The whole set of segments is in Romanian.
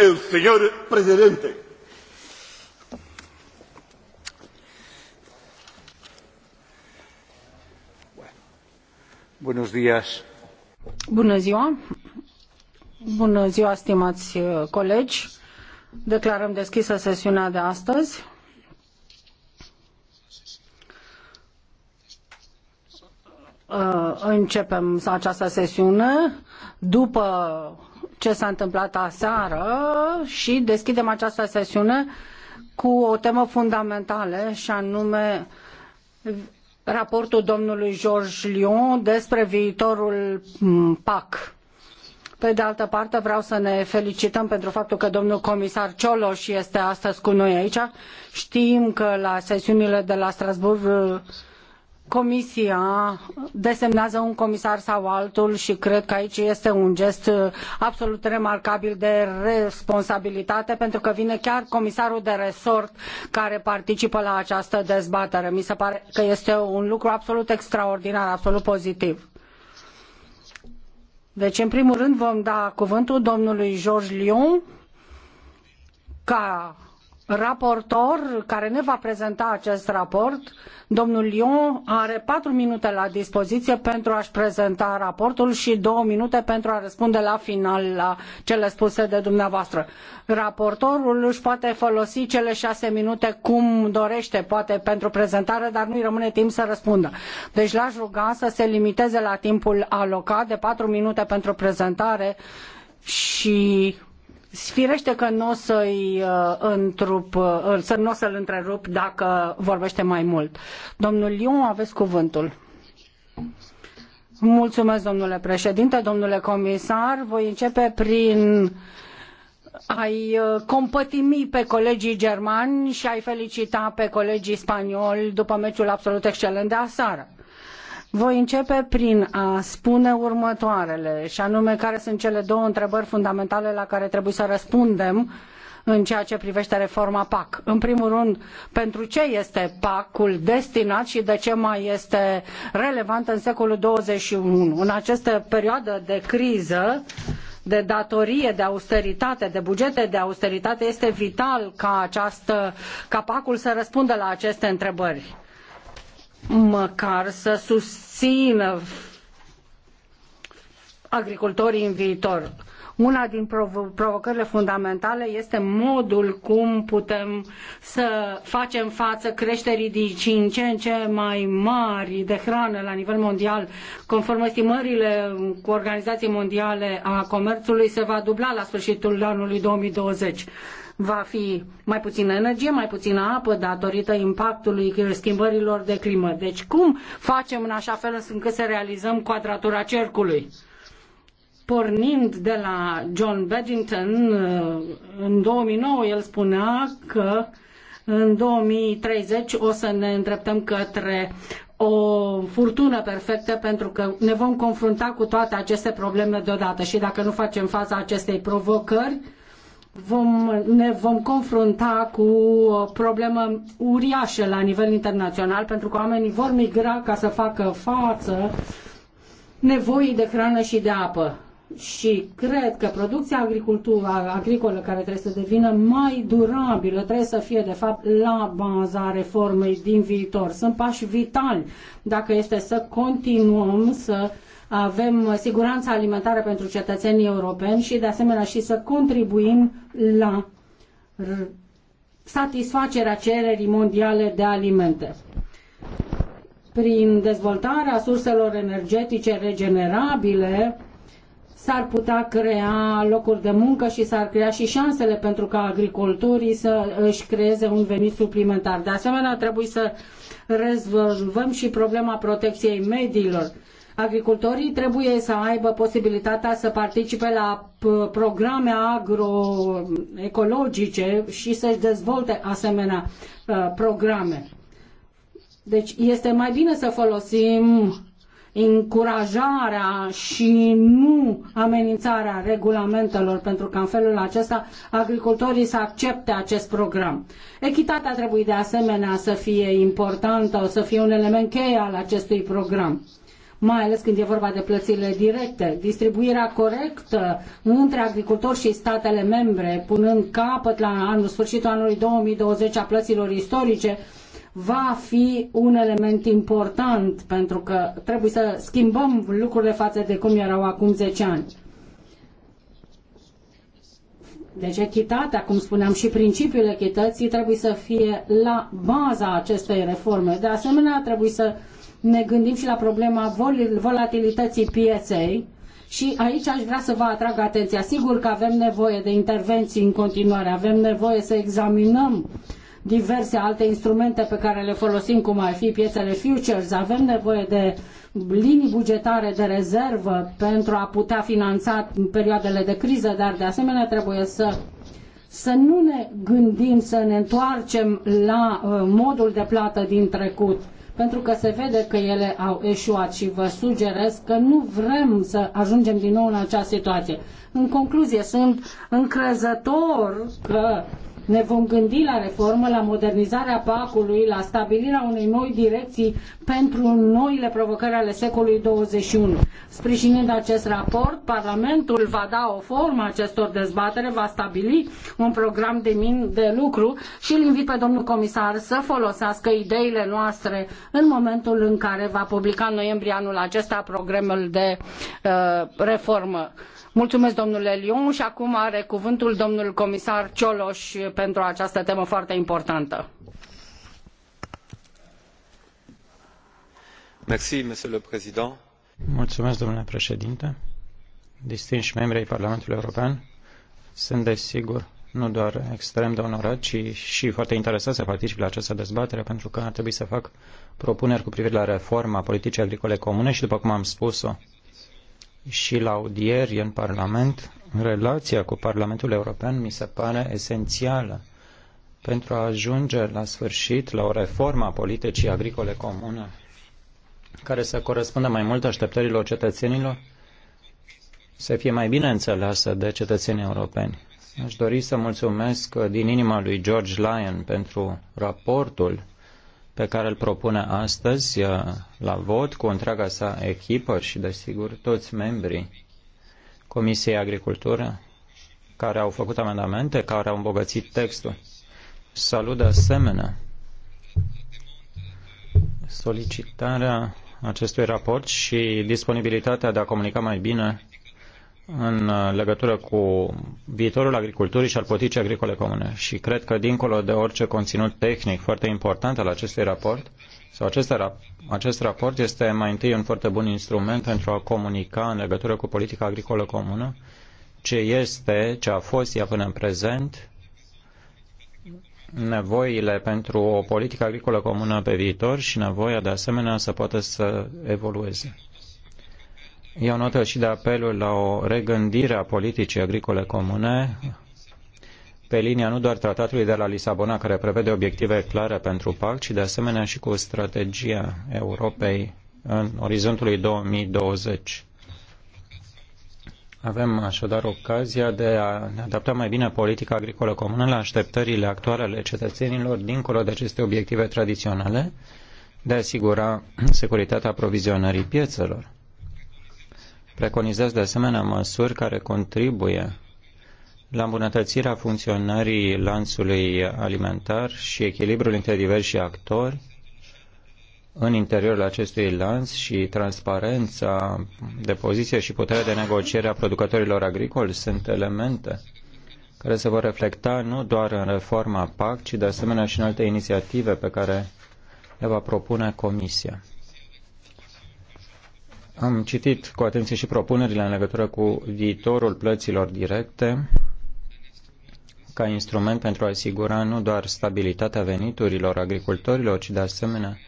el señor presidente. Buenos días. Bună ziua. Bună ziua, stimați uh, colegi. Declarăm deschisă sesiunea de astăzi. Uh, începem această sesiune după ce s-a întâmplat aseară și deschidem această sesiune cu o temă fundamentală și anume raportul domnului George Lyon despre viitorul PAC. Pe de altă parte, vreau să ne felicităm pentru faptul că domnul comisar Cioloș este astăzi cu noi aici. Știm că la sesiunile de la Strasbourg Comisia desemnează un comisar sau altul și cred că aici este un gest absolut remarcabil de responsabilitate pentru că vine chiar comisarul de resort care participă la această dezbatere. Mi se pare că este un lucru absolut extraordinar, absolut pozitiv. Deci, în primul rând, vom da cuvântul domnului George Lyon ca raportor care ne va prezenta acest raport. Domnul Lyon are patru minute la dispoziție pentru a-și prezenta raportul și două minute pentru a răspunde la final la cele spuse de dumneavoastră. Raportorul își poate folosi cele șase minute cum dorește, poate pentru prezentare, dar nu-i rămâne timp să răspundă. Deci l-aș ruga să se limiteze la timpul alocat de patru minute pentru prezentare și Firește că nu o să-i uh, întrup, uh, să nu o să-l întrerup dacă vorbește mai mult. Domnul Liu, aveți cuvântul. Mulțumesc, domnule președinte, domnule comisar. Voi începe prin ai uh, compătimi pe colegii germani și ai felicita pe colegii spanioli după meciul absolut excelent de aseară voi începe prin a spune următoarele, și anume care sunt cele două întrebări fundamentale la care trebuie să răspundem în ceea ce privește reforma PAC. În primul rând, pentru ce este PAC-ul destinat și de ce mai este relevant în secolul 21? În această perioadă de criză, de datorie, de austeritate, de bugete de austeritate, este vital ca, această, ca PAC-ul să răspundă la aceste întrebări măcar să susțină agricultorii în viitor. Una din prov provocările fundamentale este modul cum putem să facem față creșterii din ce în ce mai mari de hrană la nivel mondial. Conform estimările cu Organizația Mondiale a Comerțului, se va dubla la sfârșitul anului 2020 va fi mai puțină energie, mai puțină apă datorită impactului schimbărilor de climă. Deci cum facem în așa fel încât să realizăm quadratura cercului? pornind de la John Bedington, uh, în 2009 el spunea că în 2030 o să ne îndreptăm către o furtună perfectă pentru că ne vom confrunta cu toate aceste probleme deodată și dacă nu facem fața acestei provocări, vom, ne vom confrunta cu o problemă uriașă la nivel internațional, pentru că oamenii vor migra ca să facă față nevoii de hrană și de apă. Și cred că producția agricolă care trebuie să devină mai durabilă trebuie să fie, de fapt, la baza reformei din viitor. Sunt pași vitali dacă este să continuăm să uh, avem siguranța alimentară pentru cetățenii europeni și de asemenea și să contribuim la satisfacerea cererii mondiale de alimente. Prin dezvoltarea surselor energetice regenerabile, s-ar putea crea locuri de muncă și s-ar crea și șansele pentru ca agricultorii să își creeze un venit suplimentar. De asemenea, trebuie să rezolvăm și problema protecției mediilor. Agricultorii trebuie să aibă posibilitatea să participe la programe agroecologice și să-și dezvolte asemenea uh, programe. Deci este mai bine să folosim încurajarea și nu amenințarea regulamentelor, pentru că în felul acesta agricultorii să accepte acest program. Echitatea trebuie de asemenea să fie importantă, să fie un element cheie al acestui program mai ales când e vorba de plățile directe, distribuirea corectă între agricultori și statele membre, punând capăt la anul, sfârșitul anului 2020 a plăților istorice, va fi un element important pentru că trebuie să schimbăm lucrurile față de cum erau acum zece ani. Deci echitatea, cum spuneam, și principiul echității trebuie să fie la baza acestei reforme. De asemenea, trebuie să ne gândim și la problema volatilității pieței și aici aș vrea să vă atrag atenția. Sigur că avem nevoie de intervenții în continuare, avem nevoie să examinăm diverse alte instrumente pe care le folosim, cum ar fi piețele futures, avem nevoie de linii bugetare de rezervă pentru a putea finanța perioadele de criză, dar de asemenea trebuie să să nu ne gândim să ne întoarcem la uh, modul de plată din trecut, pentru că se vede că ele au eșuat și vă sugerez că nu vrem să ajungem din nou în această situație. În concluzie, sunt încrezător că ne vom gândi la reformă, la modernizarea PAC-ului, la stabilirea unei noi direcții pentru noile provocări ale secolului 21. Sprijinind acest raport, Parlamentul va da o formă acestor dezbatere, va stabili un program de, min- de lucru și îl invit pe domnul comisar să folosească ideile noastre în momentul în care va publica în noiembrie anul acesta programul de uh, reformă. Mulțumesc, domnule Lyon, și acum are cuvântul domnul comisar Cioloș pentru această temă foarte importantă. Merci, monsieur le président. Mulțumesc, domnule președinte. Distinși membri ai Parlamentului European, sunt desigur nu doar extrem de onorat, ci și foarte interesat să particip la această dezbatere, pentru că ar trebui să fac propuneri cu privire la reforma politicii agricole comune și, după cum am spus-o, și la audieri în Parlament, relația cu Parlamentul European mi se pare esențială pentru a ajunge la sfârșit la o reformă a politicii agricole comune care să corespundă mai mult așteptărilor cetățenilor, să fie mai bine înțeleasă de cetățenii europeni. Aș dori să mulțumesc din inima lui George Lyon pentru raportul pe care îl propune astăzi uh, la vot cu întreaga sa echipă și, desigur, toți membrii Comisiei Agricultură care au făcut amendamente, care au îmbogățit textul. Salut de asemenea solicitarea acestui raport și disponibilitatea de a comunica mai bine în uh, legătură cu viitorul agriculturii și al politicii agricole comune. Și cred că, dincolo de orice conținut tehnic foarte important al acestui raport, sau acest, rap acest raport este mai întâi un foarte bun instrument pentru a comunica în legătură cu politica agricolă comună ce este, ce a fost ea până în prezent, nevoile pentru o politică agricolă comună pe viitor și nevoia de asemenea să poată să evolueze iau notă și de apelul la o regândire a politicii agricole comune pe linia nu doar tratatului de la Lisabona, care prevede obiective clare pentru PAC, ci de asemenea și cu strategia Europei în orizontului 2020. Avem așadar ocazia de a ne adapta mai bine politica agricolă comună la așteptările actuale ale cetățenilor dincolo de aceste obiective tradiționale de a asigura securitatea aprovizionării piețelor. Preconizez de asemenea măsuri care contribuie la îmbunătățirea funcționării lanțului alimentar și echilibrul între diversi actori în interiorul acestui lanț și transparența de poziție și puterea de negociere a producătorilor agricoli sunt elemente care se vor reflecta nu doar în reforma PAC, ci de asemenea și în alte inițiative pe care le va propune Comisia. Am citit cu atenție și propunerile în legătură cu viitorul plăților directe ca instrument pentru a asigura nu doar stabilitatea veniturilor agricultorilor, ci de asemenea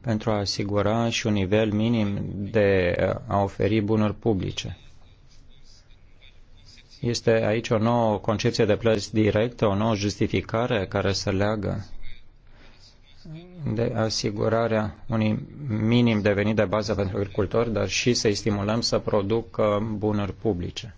pentru a asigura și un nivel minim de a oferi bunuri publice. Este aici o nouă concepție de plăți directe, o nouă justificare care se leagă de asigurarea unui minim de venit de bază pentru agricultori, dar și să-i stimulăm să producă bunuri publice.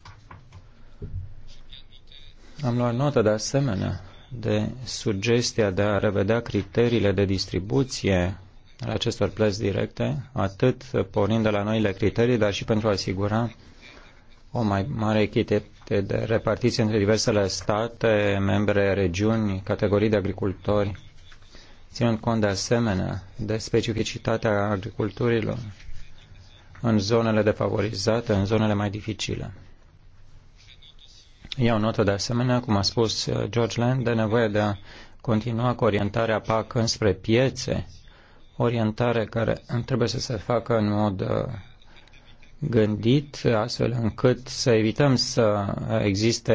Am luat notă de asemenea de sugestia de a revedea criteriile de distribuție al acestor plăți directe, atât pornind de la noile criterii, dar și pentru a asigura o mai mare echitate de repartiție între diversele state, membre, regiuni, categorii de agricultori ținând cont de asemenea de specificitatea agriculturilor în zonele defavorizate, în zonele mai dificile. Iau notă de asemenea, cum a spus uh, George Land, de nevoie de a continua cu orientarea PAC înspre piețe, orientare care trebuie să se facă în mod uh, gândit astfel încât să evităm să existe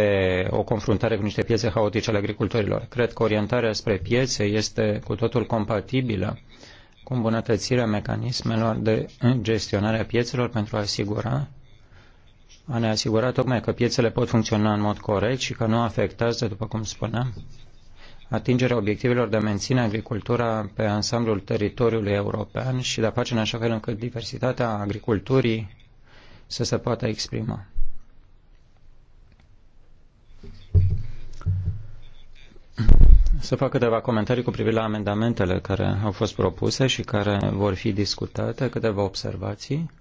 o confruntare cu niște piețe haotice ale agricultorilor. Cred că orientarea spre piețe este cu totul compatibilă cu îmbunătățirea mecanismelor de gestionare a piețelor pentru a asigura a ne asigura tocmai că piețele pot funcționa în mod corect și că nu afectează, după cum spuneam, atingerea obiectivelor de a menține agricultura pe ansamblul teritoriului european și de a face în așa fel încât diversitatea agriculturii să se poată exprima. Să fac câteva comentarii cu privire la amendamentele care au fost propuse și care vor fi discutate, câteva observații.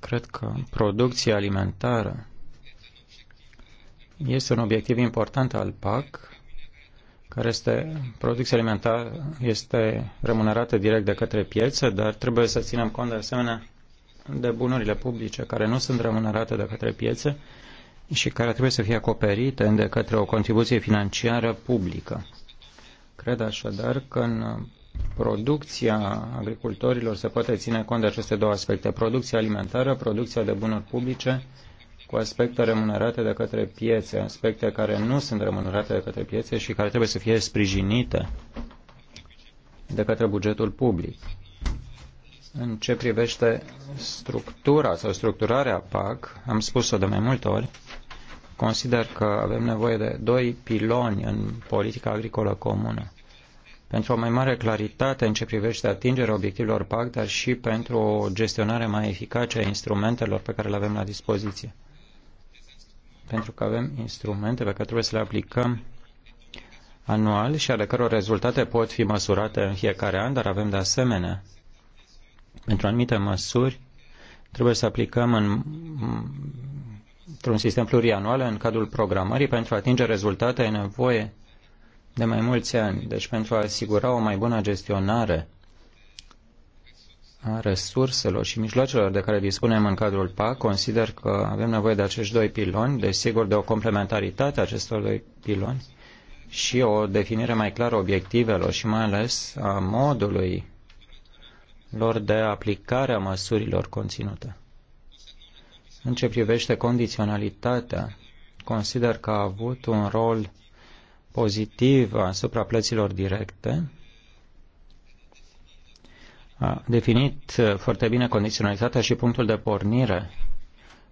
Cred că producția alimentară este un obiectiv important al PAC care este producție alimentară, este remunerată direct de către piețe, dar trebuie să ținem cont de asemenea de bunurile publice care nu sunt remunerate de către piețe și care trebuie să fie acoperite de către o contribuție financiară publică. Cred așadar că în producția agricultorilor se poate ține cont de aceste două aspecte, producția alimentară, producția de bunuri publice cu aspecte remunerate de către piețe, aspecte care nu sunt remunerate de către piețe și care trebuie să fie sprijinite de către bugetul public. În ce privește structura sau structurarea PAC, am spus-o de mai multe ori, consider că avem nevoie de doi piloni în politica agricolă comună. Pentru o mai mare claritate în ce privește atingerea obiectivelor PAC, dar și pentru o gestionare mai eficace a instrumentelor pe care le avem la dispoziție pentru că avem instrumente pe care trebuie să le aplicăm anual și ale căror rezultate pot fi măsurate în fiecare an, dar avem de asemenea, pentru anumite măsuri, trebuie să aplicăm în, într-un sistem plurianual în cadrul programării. Pentru a atinge rezultate e nevoie de mai mulți ani, deci pentru a asigura o mai bună gestionare a resurselor și mijloacelor de care dispunem în cadrul PAC, consider că avem nevoie de acești doi piloni, desigur de o complementaritate a acestor doi piloni și o definire mai clară a obiectivelor și mai ales a modului lor de aplicare a măsurilor conținute. În ce privește condiționalitatea, consider că a avut un rol pozitiv asupra plăților directe, a definit uh, foarte bine condiționalitatea și punctul de pornire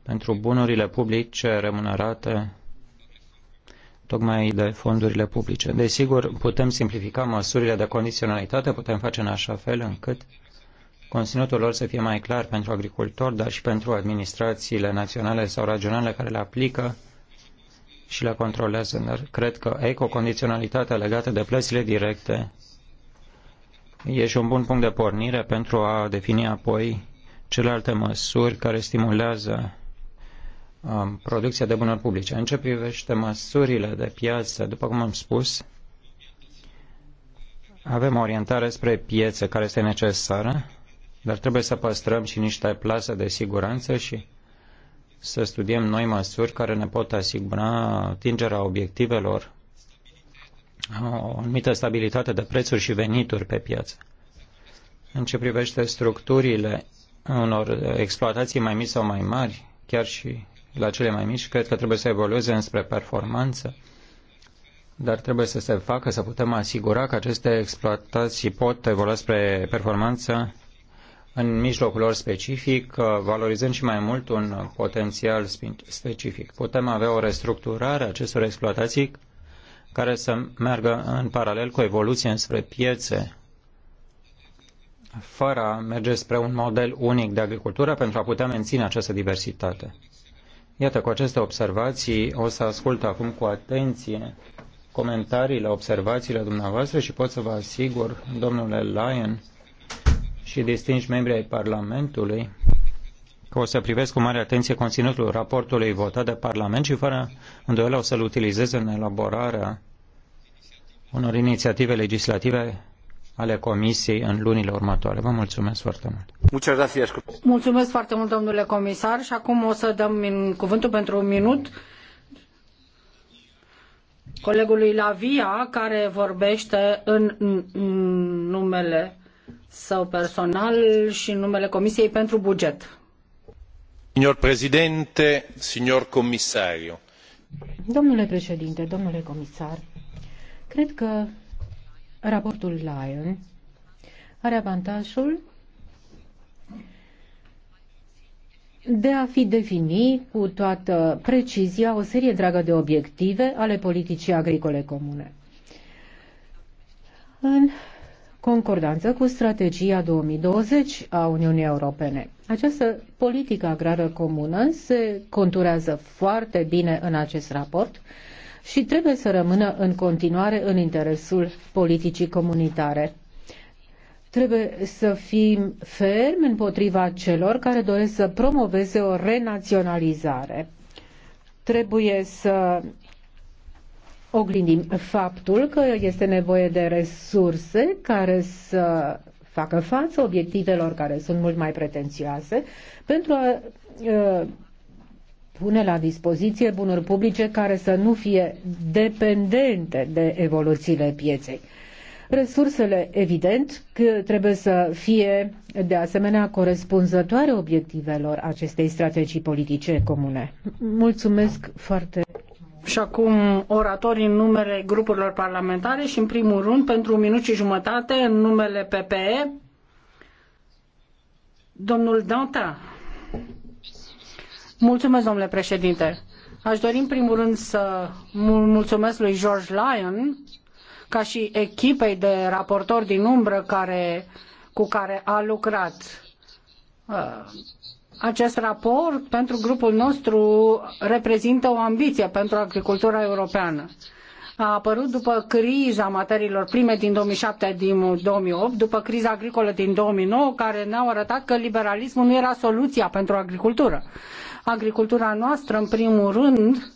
pentru bunurile publice remunerate tocmai de fondurile publice. Desigur, putem simplifica măsurile de condiționalitate, putem face în așa fel încât conținutul lor să fie mai clar pentru agricultori, dar și pentru administrațiile naționale sau regionale care le aplică și le controlează. Dar cred că ecocondiționalitatea legată de plățile directe e și un bun punct de pornire pentru a defini apoi celelalte măsuri care stimulează um, producția de bunuri publice. În ce privește măsurile de piață, după cum am spus, avem orientare spre piață care este necesară, dar trebuie să păstrăm și niște plase de siguranță și să studiem noi măsuri care ne pot asigura atingerea obiectivelor o anumită stabilitate de prețuri și venituri pe piață. În ce privește structurile unor exploatații mai mici sau mai mari, chiar și la cele mai mici, cred că trebuie să evolueze înspre performanță, dar trebuie să se facă, să putem asigura că aceste exploatații pot evolua spre performanță în mijlocul lor specific, valorizând și mai mult un potențial specific. Putem avea o restructurare a acestor exploatații care să meargă în paralel cu evoluția înspre piețe, fără a merge spre un model unic de agricultură pentru a putea menține această diversitate. Iată, cu aceste observații o să ascult acum cu atenție comentariile, observațiile dumneavoastră și pot să vă asigur, domnule Lyon și distinși membri ai Parlamentului, că o să privesc cu mare atenție conținutul raportului votat de Parlament și fără îndoială o să-l utilizez în elaborarea unor inițiative legislative ale Comisiei în lunile următoare. Vă mulțumesc foarte mult. Mulțumesc foarte mult, domnule comisar, și acum o să dăm cuvântul pentru un minut colegului Lavia, care vorbește în numele său personal și în numele Comisiei pentru Buget. Signor Presidente, signor Comisario. Domnule președinte, domnule comisar, Cred că raportul Lyon are avantajul de a fi defini cu toată precizia o serie dragă de obiective ale politicii agricole comune. În concordanță cu strategia 2020 a Uniunii Europene. Această politică agrară comună se conturează foarte bine în acest raport și trebuie să rămână în continuare în interesul politicii comunitare. Trebuie să fim fermi împotriva celor care doresc să promoveze o renaționalizare. Trebuie să oglindim faptul că este nevoie de resurse care să facă față obiectivelor care sunt mult mai pretențioase pentru a ă, pune la dispoziție bunuri publice care să nu fie dependente de evoluțiile pieței. Resursele, evident, că trebuie să fie de asemenea corespunzătoare obiectivelor acestei strategii politice comune. Mulțumesc foarte și acum oratori în numele grupurilor parlamentare și în primul rând pentru un minut și jumătate în numele PPE domnul Danta. Mulțumesc, domnule președinte. Aș dori în primul rând să mulțumesc lui George Lyon, ca și echipei de raportori din umbră care, cu care a lucrat. Uh, acest raport pentru grupul nostru reprezintă o ambiție pentru agricultura europeană a apărut după criza materiilor prime din 2007 din 2008, după criza agricolă din 2009, care ne-au arătat că liberalismul nu era soluția pentru agricultură agricultura noastră, în primul rând,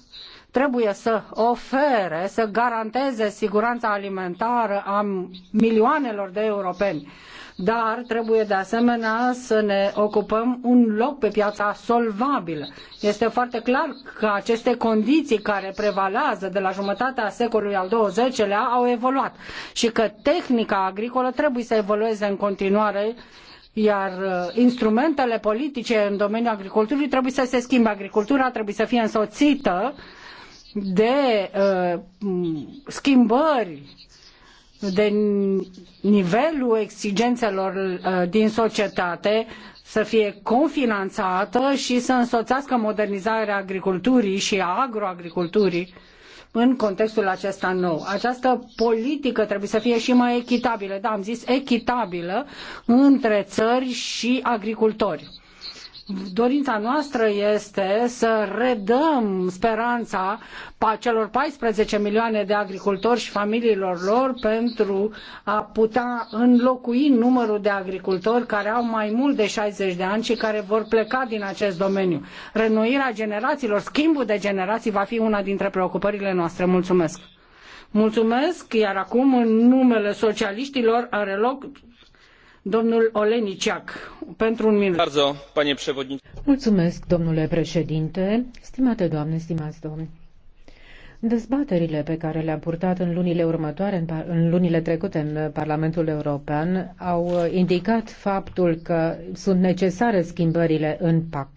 trebuie să ofere, să garanteze siguranța alimentară a milioanelor de europeni. Dar trebuie de asemenea să ne ocupăm un loc pe piața solvabilă. Este foarte clar că aceste condiții care prevalează de la jumătatea secolului al XX-lea au evoluat și că tehnica agricolă trebuie să evolueze în continuare iar uh, instrumentele politice în domeniul agriculturii trebuie să se schimbe. Agricultura trebuie să fie însoțită de uh, schimbări de nivelul exigențelor uh, din societate să fie confinanțată și să însoțească modernizarea agriculturii și a agroagriculturii uh, în contextul acesta nou. Această politică trebuie să fie și mai echitabilă, da, am zis echitabilă, între țări și agricultori dorința noastră este să redăm speranța celor 14 milioane de agricultori și familiilor lor pentru a putea înlocui numărul de agricultori care au mai mult de 60 de ani și care vor pleca din acest domeniu. Renoirea generațiilor, schimbul de generații va fi una dintre preocupările noastre. Mulțumesc! Mulțumesc, iar acum în numele socialiștilor are loc Domnul pentru un minut. Mulțumesc, domnule președinte, stimate doamne, stimați domni. Dezbaterile pe care le-am purtat în lunile următoare, în lunile trecute în Parlamentul European, au indicat faptul că sunt necesare schimbările în PAC.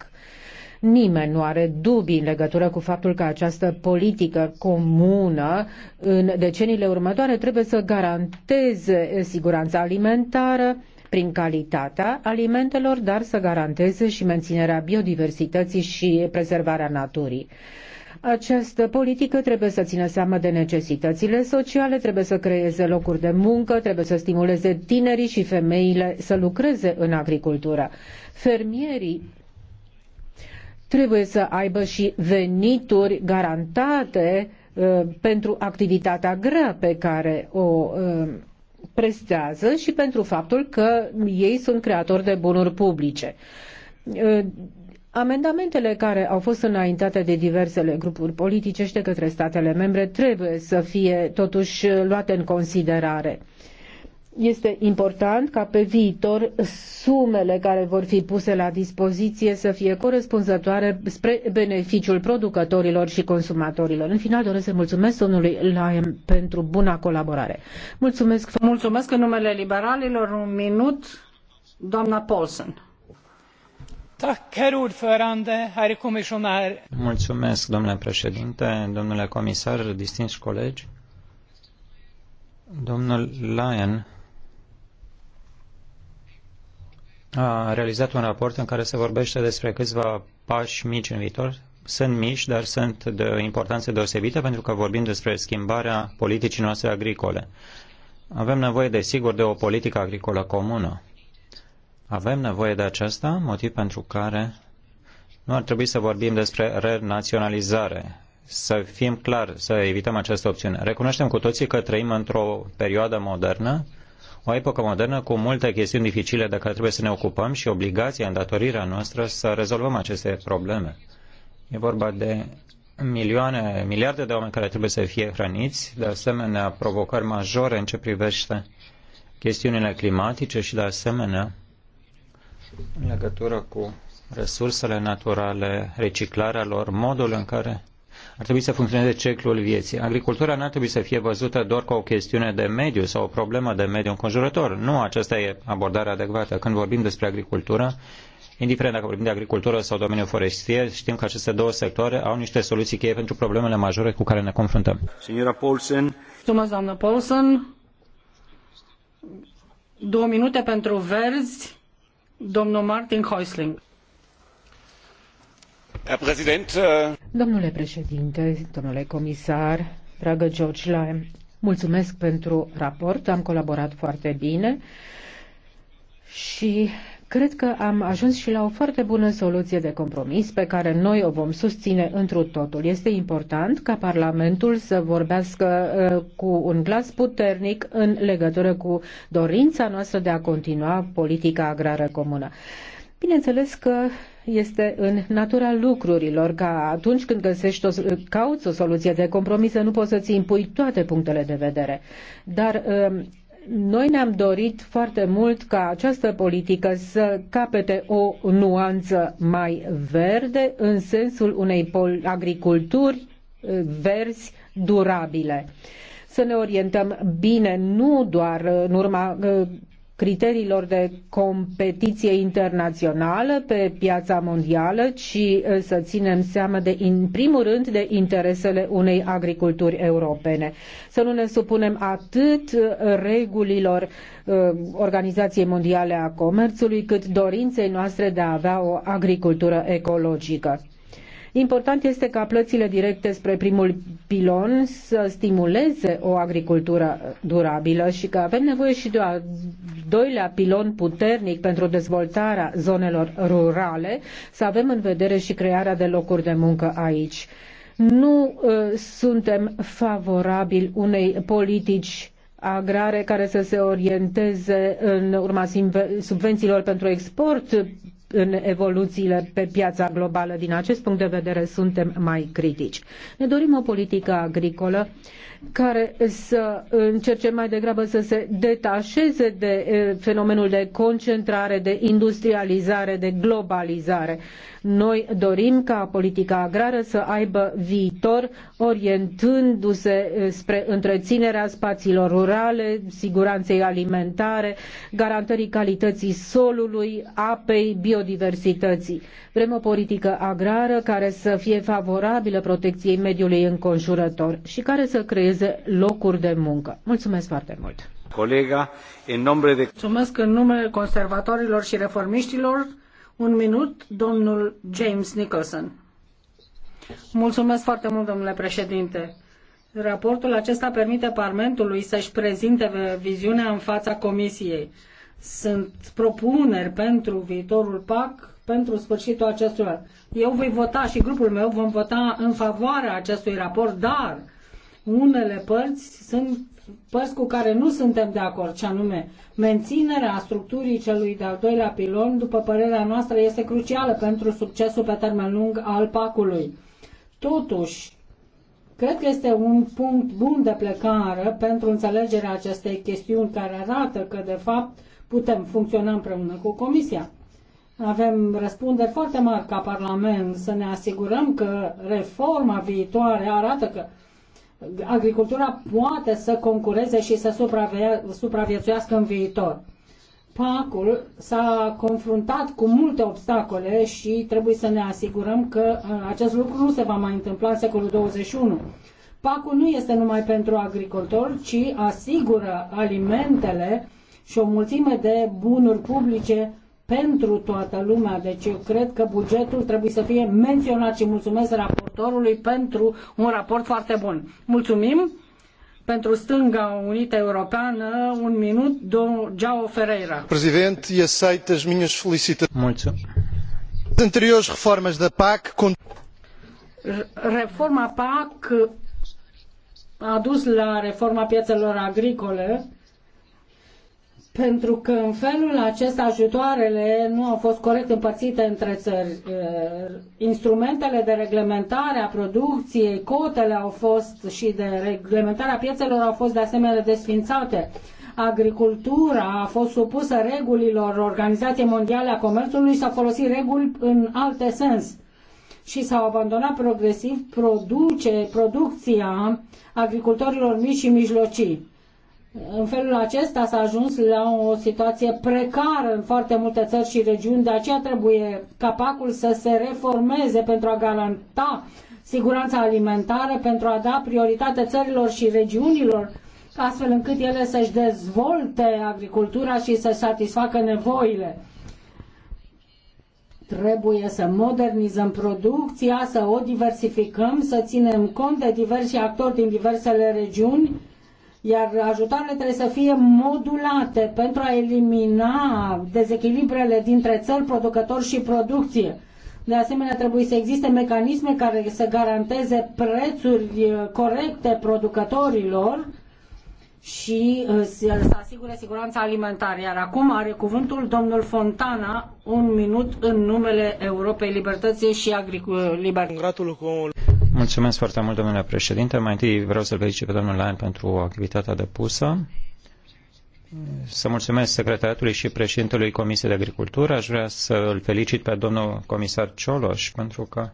Nimeni nu are dubii în legătură cu faptul că această politică comună în deceniile următoare trebuie să garanteze siguranța alimentară, prin calitatea alimentelor, dar să garanteze și menținerea biodiversității și prezervarea naturii. Această politică trebuie să țină seama de necesitățile sociale, trebuie să creeze locuri de muncă, trebuie să stimuleze tinerii și femeile să lucreze în agricultură. Fermierii trebuie să aibă și venituri garantate uh, pentru activitatea grea pe care o uh, prestează și pentru faptul că ei sunt creatori de bunuri publice. Uh, amendamentele care au fost înaintate de diversele grupuri politice și de către statele membre trebuie să fie totuși luate în considerare. Este important ca pe viitor sumele care vor fi puse la dispoziție să fie corespunzătoare spre beneficiul producătorilor și consumatorilor. În final doresc să mulțumesc domnului Laem pentru buna colaborare. Mulțumesc. Mulțumesc în numele liberalilor. Un minut, doamna Paulsen. Mulțumesc, domnule președinte, domnule comisar, distinși colegi. Domnul Lyon a realizat un raport în care se vorbește despre câțiva pași mici în viitor. Sunt mici, dar sunt de importanță deosebită pentru că vorbim despre schimbarea politicii noastre agricole. Avem nevoie, desigur, de o politică agricolă comună. Avem nevoie de aceasta, motiv pentru care nu ar trebui să vorbim despre renaționalizare. Să fim clar, să evităm această opțiune. Recunoaștem cu toții că trăim într-o perioadă modernă o epocă modernă cu multe chestiuni dificile de care trebuie să ne ocupăm și obligația, îndatorirea noastră să rezolvăm aceste probleme. E vorba de milioane, miliarde de oameni care trebuie să fie hrăniți, de asemenea provocări majore în ce privește chestiunile climatice și de asemenea în legătură cu resursele naturale, reciclarea lor, modul în care ar trebui să funcționeze ciclul vieții. Agricultura nu ar trebui să fie văzută doar ca o chestiune de mediu sau o problemă de mediu înconjurător. Nu, aceasta e abordarea adecvată. Când vorbim despre agricultură, indiferent dacă vorbim de agricultură sau domeniul forestier, știm că aceste două sectoare au niște soluții cheie pentru problemele majore cu care ne confruntăm. Signora Paulsen. Mulțumesc, doamnă Paulsen. Două minute pentru verzi, domnul Martin Heusling. Äh, domnule președinte, domnule comisar, dragă George Lyon, mulțumesc pentru raport, am colaborat foarte bine și cred că am ajuns și la o foarte bună soluție de compromis pe care noi o vom susține întru totul. Este important ca Parlamentul să vorbească uh, cu un glas puternic în legătură cu dorința noastră de a continua politica agrară comună. Bineînțeles că este în natura lucrurilor ca atunci când găsești o, cauți o soluție de compromis nu poți să-ți impui toate punctele de vedere. Dar um, noi ne-am dorit foarte mult ca această politică să capete o nuanță mai verde în sensul unei agriculturi uh, verzi durabile. Să ne orientăm bine nu doar uh, în urma uh, criteriilor de competiție internațională pe piața mondială, ci să ținem seama de, în primul rând de interesele unei agriculturi europene. Să nu ne supunem atât regulilor Organizației Mondiale a Comerțului, cât dorinței noastre de a avea o agricultură ecologică. Important este ca plățile directe spre primul pilon să stimuleze o agricultură durabilă și că avem nevoie și de al doilea pilon puternic pentru dezvoltarea zonelor rurale, să avem în vedere și crearea de locuri de muncă aici. Nu uh, suntem favorabili unei politici agrare care să se orienteze în urma subvențiilor pentru export în evoluțiile pe piața globală. Din acest punct de vedere suntem mai critici. Ne dorim o politică agricolă care să încerce mai degrabă să se detașeze de fenomenul de concentrare, de industrializare, de globalizare. Noi dorim ca politica agrară să aibă viitor orientându-se spre întreținerea spațiilor rurale, siguranței alimentare, garantării calității solului, apei, biodiversității. Vrem o politică agrară care să fie favorabilă protecției mediului înconjurător și care să creeze creeze locuri de muncă. Mulțumesc foarte mult! Colega, în numele de... Mulțumesc în numele conservatorilor și reformiștilor. Un minut, domnul James Nicholson. Mulțumesc foarte mult, domnule președinte. Raportul acesta permite Parlamentului să-și prezinte viziunea în fața Comisiei. Sunt propuneri pentru viitorul PAC pentru sfârșitul acestui an. Eu voi vota și grupul meu vom vota în favoarea acestui raport, dar unele părți sunt părți cu care nu suntem de acord, ce anume menținerea structurii celui de-al doilea pilon, după părerea noastră, este crucială pentru succesul pe termen lung al pacului. Totuși, cred că este un punct bun de plecare pentru înțelegerea acestei chestiuni care arată că, de fapt, putem funcționa împreună cu Comisia. Avem răspundere foarte mari ca Parlament să ne asigurăm că reforma viitoare arată că agricultura poate să concureze și să supraviețuiască în viitor. PAC-ul s-a confruntat cu multe obstacole și trebuie să ne asigurăm că uh, acest lucru nu se va mai întâmpla în secolul 21. PAC-ul nu este numai pentru agricultori, ci asigură alimentele și o mulțime de bunuri publice pentru toată lumea. Deci eu cred că bugetul trebuie să fie menționat și mulțumesc raportorului pentru un raport foarte bun. Mulțumim! Pentru Stânga Unită Europeană, un minut, domnul Giao Ferreira. Prezident, e aceito as minhas felicitações. Mulțumesc. As anteriores reformas da PAC... Reforma PAC a dus la reforma piețelor agricole pentru că în felul acesta ajutoarele nu au fost corect împărțite între țări. Uh, instrumentele de reglementare a producției, cotele au fost și de reglementare a piețelor au fost de asemenea desfințate. Agricultura a fost supusă regulilor Organizației Mondiale a Comerțului, s-au folosit reguli în alte sens și s-au abandonat progresiv produce, producția agricultorilor mici și mijlocii în felul acesta s-a ajuns la o situație precară în foarte multe țări și regiuni, de aceea trebuie capacul să se reformeze pentru a garanta siguranța alimentară, pentru a da prioritate țărilor și regiunilor, astfel încât ele să-și dezvolte agricultura și să satisfacă nevoile. Trebuie să modernizăm producția, să o diversificăm, să ținem cont de diversi actori din diversele regiuni, iar ajutoarele trebuie să fie modulate pentru a elimina dezechilibrele dintre țări, producători și producție. De asemenea, trebuie să existe mecanisme care să garanteze prețuri uh, corecte producătorilor și uh, să asigure siguranța alimentară. Iar acum are cuvântul domnul Fontana, un minut în numele Europei Libertății și Agriculturii. Mulțumesc foarte mult, domnule președinte. Mai întâi vreau să-l felicit pe domnul Lain pentru activitatea depusă. Să mulțumesc secretariatului și președintelui Comisiei de Agricultură. Aș vrea să-l felicit pe domnul comisar Cioloș pentru că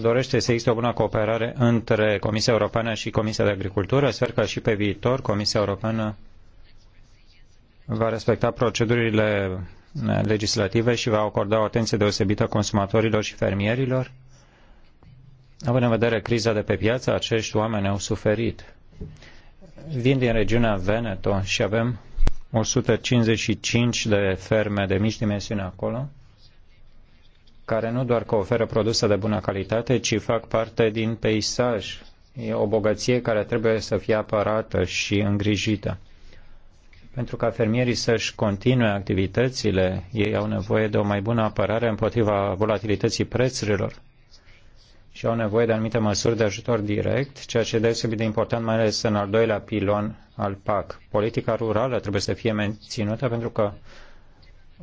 dorește să existe o bună cooperare între Comisia Europeană și Comisia de Agricultură. Sper că și pe viitor Comisia Europeană va respecta procedurile legislative și va acorda o atenție deosebită consumatorilor și fermierilor Având în vedere criza de pe piață, acești oameni au suferit. Vin din regiunea Veneto și avem 155 de ferme de mici dimensiuni acolo, care nu doar că oferă produse de bună calitate, ci fac parte din peisaj. E o bogăție care trebuie să fie apărată și îngrijită. Pentru ca fermierii să-și continue activitățile, ei au nevoie de o mai bună apărare împotriva volatilității prețurilor și au nevoie de anumite măsuri de ajutor direct, ceea ce e deosebit de important, mai ales în al doilea pilon al PAC. Politica rurală trebuie să fie menținută pentru că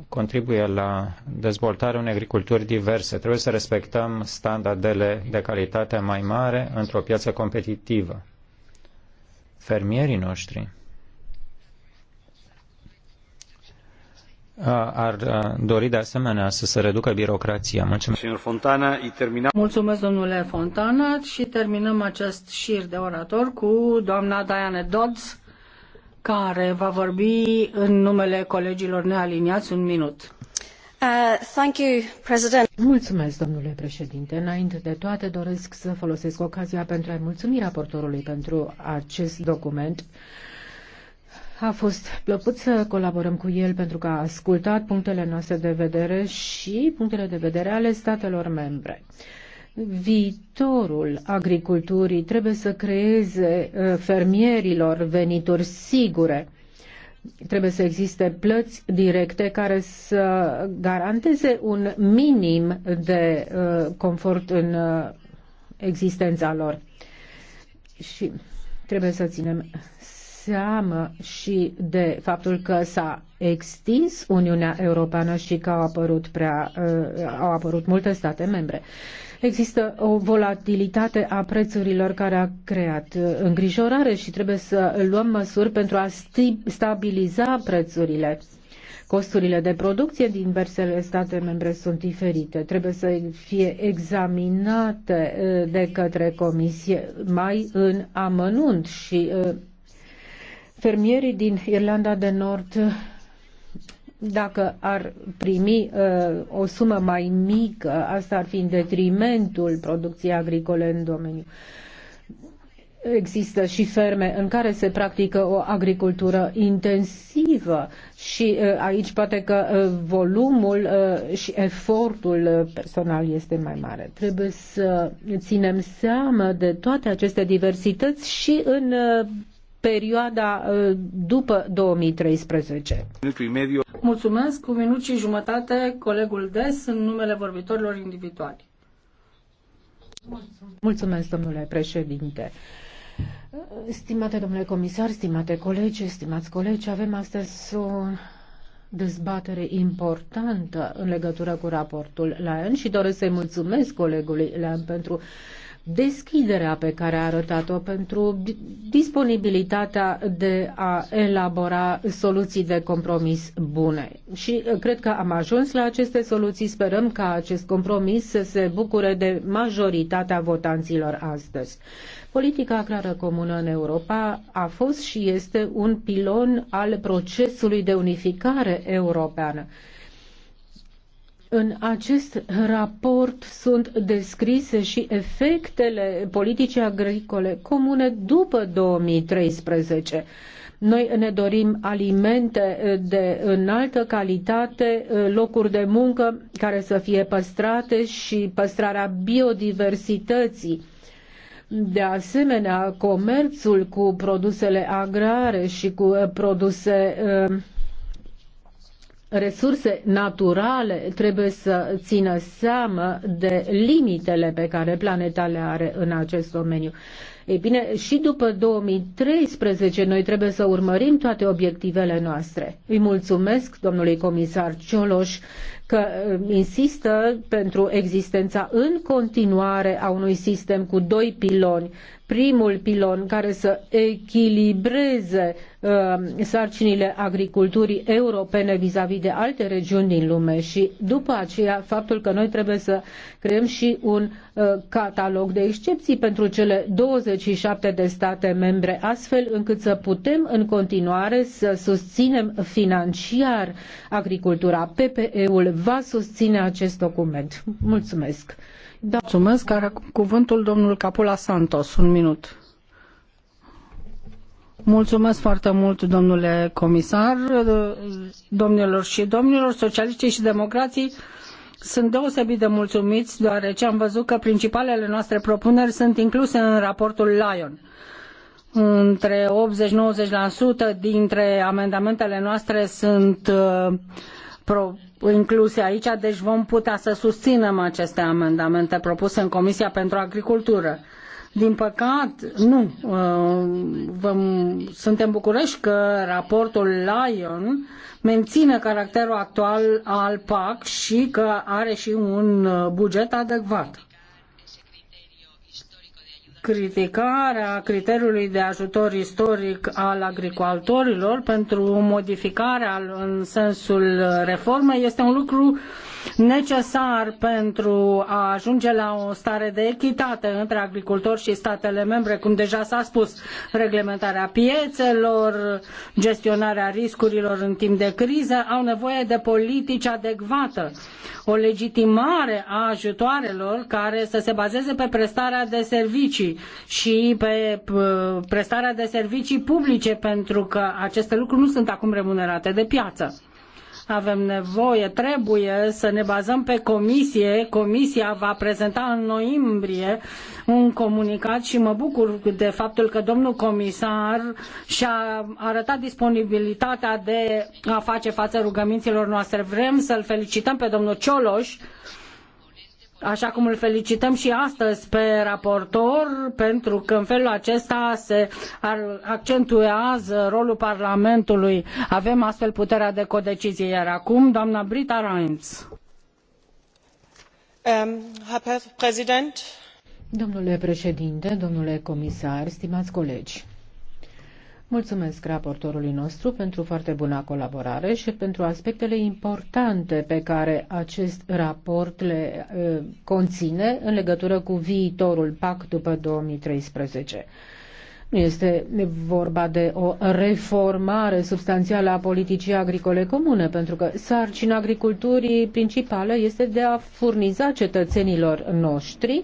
contribuie la dezvoltarea unei agriculturi diverse. Trebuie să respectăm standardele de calitate mai mare într-o piață competitivă. Fermierii noștri ar dori de asemenea să se reducă birocrația. Mulțumesc. Fontana, terminat... Mulțumesc, domnule Fontana, și terminăm acest șir de orator cu doamna Diane Dodds, care va vorbi în numele colegilor nealiniați un minut. Uh, you, Mulțumesc, domnule președinte. Înainte de toate, doresc să folosesc ocazia pentru a-i mulțumi raportorului pentru acest document a fost plăcut să colaborăm cu el pentru că a ascultat punctele noastre de vedere și punctele de vedere ale statelor membre. Viitorul agriculturii trebuie să creeze uh, fermierilor venituri sigure. Trebuie să existe plăți directe care să garanteze un minim de uh, confort în uh, existența lor. Și trebuie să ținem seamă și de faptul că s-a extins Uniunea Europeană și că au apărut, prea, uh, au apărut multe state membre. Există o volatilitate a prețurilor care a creat uh, îngrijorare și trebuie să luăm măsuri pentru a stabiliza prețurile. Costurile de producție din diversele state membre sunt diferite. Trebuie să fie examinate uh, de către Comisie mai în amănunt și Fermierii din Irlanda de Nord, dacă ar primi uh, o sumă mai mică, asta ar fi în detrimentul producției agricole în domeniu. Există și ferme în care se practică o agricultură intensivă și uh, aici poate că uh, volumul uh, și efortul uh, personal este mai mare. Trebuie să ținem seama de toate aceste diversități și în uh, perioada ă, după 2013. Mulțumesc. Cu minut și jumătate, colegul Des, în numele vorbitorilor individuali. Mulțumesc, domnule președinte. Stimate domnule comisar, stimate colegi, stimați colegi, avem astăzi o dezbatere importantă în legătură cu raportul Laen și doresc să-i mulțumesc colegului Laen pentru deschiderea pe care a arătat-o, pentru disponibilitatea de a elabora soluții de compromis bune. Și uh, cred că am ajuns la aceste soluții. Sperăm ca acest compromis să se bucure de majoritatea votanților astăzi. Politica clară comună în Europa a fost și este un pilon al procesului de unificare europeană. În acest raport sunt descrise și efectele politicii agricole comune după 2013. Noi ne dorim alimente de înaltă calitate, locuri de muncă care să fie păstrate și păstrarea biodiversității. De asemenea, comerțul cu produsele agrare și cu produse uh, resurse naturale trebuie să țină seamă de limitele pe care planeta le are în acest domeniu. Ei bine, și după 2013 noi trebuie să urmărim toate obiectivele noastre. Îi mulțumesc domnului comisar Cioloș că uh, insistă pentru existența în continuare a unui sistem cu doi piloni, primul pilon care să echilibreze uh, sarcinile agriculturii europene vis-a-vis -vis de alte regiuni din lume și după aceea faptul că noi trebuie să creăm și un uh, catalog de excepții pentru cele 27 de state membre, astfel încât să putem în continuare să susținem financiar agricultura. PPE-ul va susține acest document. Mulțumesc! Da. mulțumesc. Care cuvântul domnul Capula Santos. Un minut. Mulțumesc foarte mult, domnule comisar, domnilor și domnilor, socialiștii și democrații. Sunt deosebit de mulțumiți, deoarece am văzut că principalele noastre propuneri sunt incluse în raportul Lyon între 80-90% dintre amendamentele noastre sunt uh, incluse aici, deci vom putea să susținem aceste amendamente propuse în Comisia pentru Agricultură. Din păcat, nu. Uh, vom, suntem bucurești că raportul Lion menține caracterul actual al PAC și că are și un uh, buget adecvat criticarea criteriului de ajutor istoric al agricultorilor pentru modificarea în sensul reformei este un lucru necesar pentru a ajunge la o stare de echitate între agricultori și statele membre, cum deja s-a spus, reglementarea piețelor, gestionarea riscurilor în timp de criză, au nevoie de politici adecvată, o legitimare a ajutoarelor care să se bazeze pe prestarea de servicii și pe prestarea de servicii publice, pentru că aceste lucruri nu sunt acum remunerate de piață. Avem nevoie, trebuie să ne bazăm pe comisie. Comisia va prezenta în noiembrie un comunicat și mă bucur de faptul că domnul comisar și-a arătat disponibilitatea de a face față rugăminților noastre. Vrem să-l felicităm pe domnul Cioloș așa cum îl felicităm și astăzi pe raportor, pentru că în felul acesta se accentuează rolul Parlamentului. Avem astfel puterea de codecizie. Iar acum, doamna Brita Rainz. Um, domnule președinte, domnule comisar, stimați colegi, Mulțumesc raportorului nostru pentru foarte bună colaborare și pentru aspectele importante pe care acest raport le conține în legătură cu viitorul PAC după 2013. Nu este vorba de o reformare substanțială a politicii agricole comune, pentru că sarcina agriculturii principală este de a furniza cetățenilor noștri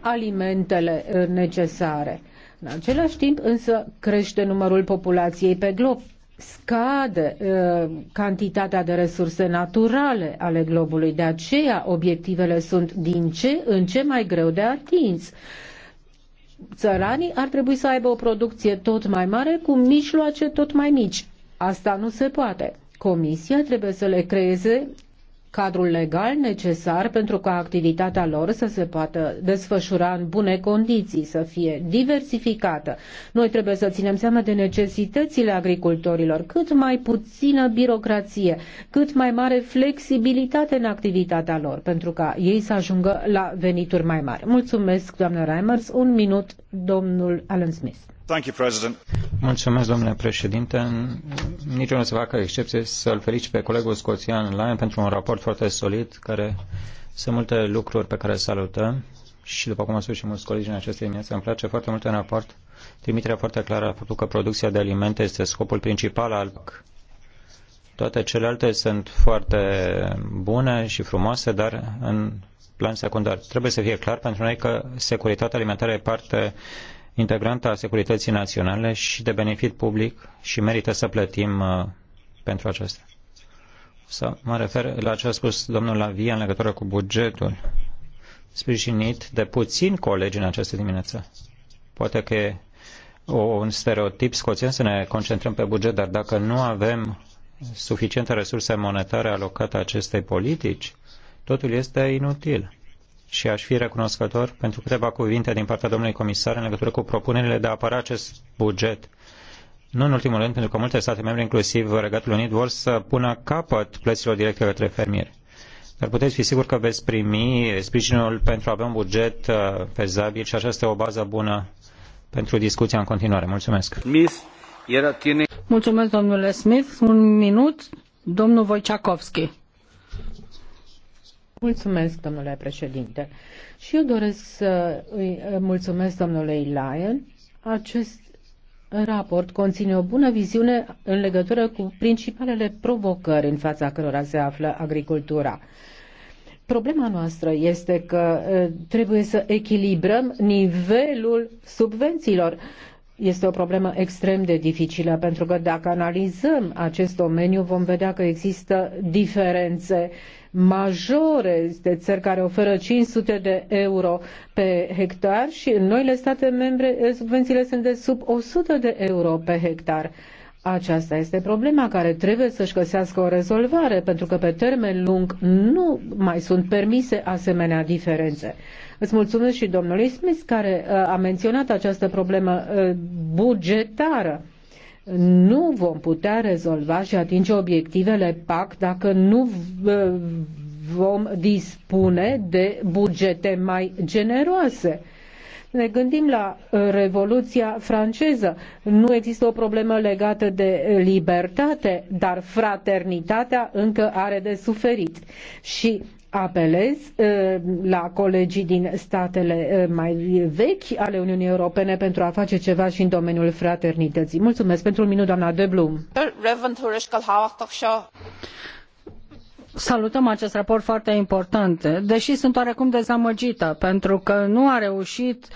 alimentele necesare în același timp, însă, crește numărul populației pe glob, scade uh, cantitatea de resurse naturale ale globului. De aceea, obiectivele sunt din ce în ce mai greu de atins. Țăranii ar trebui să aibă o producție tot mai mare cu mijloace tot mai mici. Asta nu se poate. Comisia trebuie să le creeze cadrul legal necesar pentru ca activitatea lor să se poată desfășura în bune condiții, să fie diversificată. Noi trebuie să ținem seama de necesitățile agricultorilor, cât mai puțină birocrație, cât mai mare flexibilitate în activitatea lor, pentru ca ei să ajungă la venituri mai mari. Mulțumesc, doamnă Reimers. Un minut, domnul Alan Smith. Mulțumesc, domnule președinte. Nici nu se facă excepție să-l felicit pe colegul scoțian Lyon pentru un raport foarte solid, care sunt multe lucruri pe care le salutăm și, după cum am spus și mulți colegi în această dimineață, îmi place foarte mult în raport trimiterea foarte clară a faptul că producția de alimente este scopul principal al PAC. Toate celelalte sunt foarte bune și frumoase, dar în plan secundar. Trebuie să fie clar pentru noi că securitatea alimentară e parte integrantă a securității naționale și de benefit public și merită să plătim uh, pentru acestea. Să mă refer la ce a spus domnul Lavia în legătură cu bugetul, sprijinit de puțini colegi în această dimineață. Poate că e un stereotip scoțian să ne concentrăm pe buget, dar dacă nu avem suficiente resurse monetare alocate acestei politici, totul este inutil și aș fi recunoscător pentru câteva cuvinte din partea domnului comisar în legătură cu propunerile de a apăra acest buget. Nu în ultimul rând, pentru că multe state membre, inclusiv Regatul Unit, vor să pună capăt plăților directe către fermieri. Dar puteți fi sigur că veți primi sprijinul pentru a avea un buget uh, fezabil și aceasta este o bază bună pentru discuția în continuare. Mulțumesc. Mulțumesc, domnule Smith. Un minut, domnul Wojciechowski Mulțumesc, domnule președinte. Și eu doresc să îi mulțumesc domnului Lyon. Acest raport conține o bună viziune în legătură cu principalele provocări în fața cărora se află agricultura. Problema noastră este că trebuie să echilibrăm nivelul subvențiilor este o problemă extrem de dificilă, pentru că dacă analizăm acest domeniu, vom vedea că există diferențe majore de țări care oferă 500 de euro pe hectar și în noile state membre subvențiile sunt de sub 100 de euro pe hectar. Aceasta este problema care trebuie să-și găsească o rezolvare, pentru că pe termen lung nu mai sunt permise asemenea diferențe. Îți mulțumesc și domnului Smith care uh, a menționat această problemă uh, bugetară. Nu vom putea rezolva și atinge obiectivele PAC dacă nu uh, vom dispune de bugete mai generoase ne gândim la uh, Revoluția franceză. Nu există o problemă legată de uh, libertate, dar fraternitatea încă are de suferit. Și apelez uh, la colegii din statele mai vechi ale Uniunii Europene pentru a face ceva și în domeniul fraternității. Mulțumesc pentru un minut, doamna De Blum salutăm acest raport foarte important, deși sunt oarecum dezamăgită pentru că nu a reușit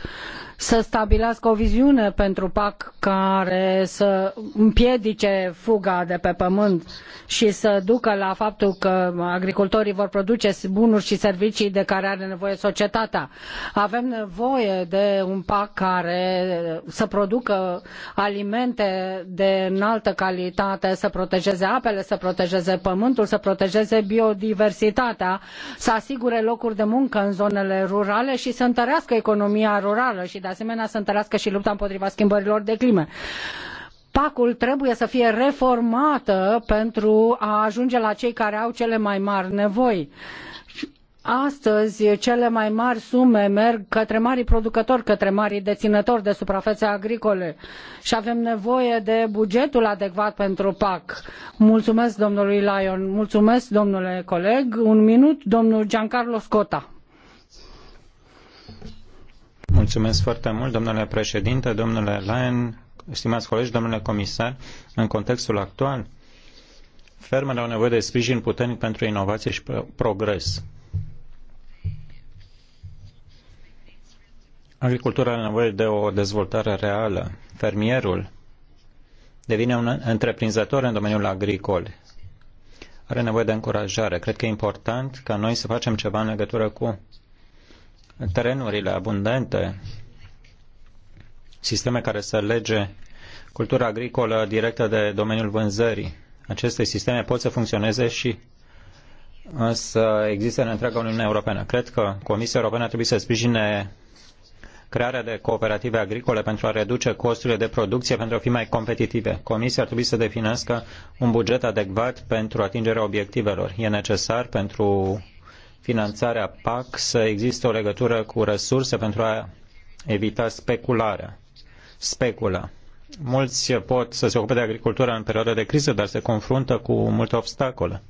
să stabilească o viziune pentru PAC care să împiedice fuga de pe pământ și să ducă la faptul că agricultorii vor produce bunuri și servicii de care are nevoie societatea. Avem nevoie de un PAC care să producă alimente de înaltă calitate, să protejeze apele, să protejeze pământul, să protejeze biodiversitatea, să asigure locuri de muncă în zonele rurale și să întărească economia rurală și de asemenea să întărească și lupta împotriva schimbărilor de climă. PAC-ul trebuie să fie reformată pentru a ajunge la cei care au cele mai mari nevoi. Astăzi, cele mai mari sume merg către marii producători, către marii deținători de suprafețe agricole și avem nevoie de bugetul adecvat pentru PAC. Mulțumesc domnului Lyon, mulțumesc domnule coleg. Un minut, domnul Giancarlo Scotta Mulțumesc foarte mult, domnule președinte, domnule Lyon, stimați colegi, domnule comisar. În contextul actual, fermele au nevoie de sprijin puternic pentru inovație și progres. Agricultura are nevoie de o dezvoltare reală. Fermierul devine un întreprinzător în domeniul agricol. Are nevoie de încurajare. Cred că e important ca noi să facem ceva în legătură cu terenurile abundente, sisteme care să lege cultura agricolă directă de domeniul vânzării. Aceste sisteme pot să funcționeze și uh, să existe în întreaga Uniune Europeană. Cred că Comisia Europeană trebuie să sprijine crearea de cooperative agricole pentru a reduce costurile de producție pentru a fi mai competitive. Comisia ar trebui să definească un buget adecvat pentru atingerea obiectivelor. E necesar pentru finanțarea PAC să existe o legătură cu resurse pentru a evita specularea. Specula. Mulți pot să se ocupe de agricultură în perioada de criză, dar se confruntă cu multe obstacole.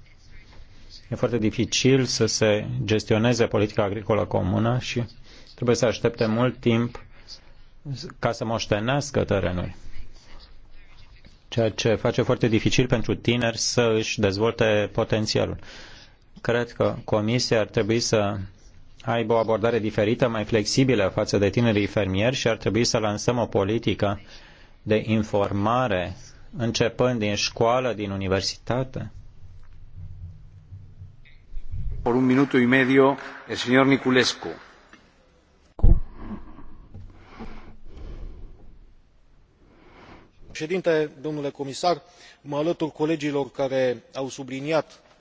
E foarte dificil să se gestioneze politica agricolă comună și trebuie să aștepte mult timp ca să moștenească terenul. Ceea ce face foarte dificil pentru tineri să își dezvolte potențialul. Cred că Comisia ar trebui să aibă o abordare diferită, mai flexibilă față de tinerii fermieri și ar trebui să lansăm o politică de informare începând din școală, din universitate. Por un minuto y medio, el señor Niculescu. Președinte, domnule comisar, mă alătur colegilor care au subliniat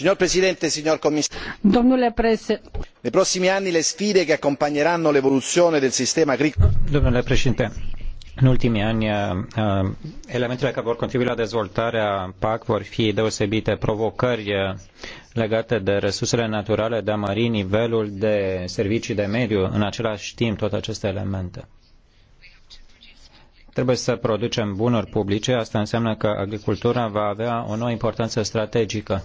signor presidente signor commissario nei prossimi anni le sfide che accompagneranno l'evoluzione del sistema agricolo. domnule președinte în ultimii ani eh, eh, elementele care vor contribui la dezvoltarea pac vor fi deosebite provocări eh, legate de resursele naturale de a mări nivelul de servicii de mediu în același timp toate aceste elemente trebuie să producem bunuri publice, asta înseamnă că agricultura va avea o nouă importanță strategică.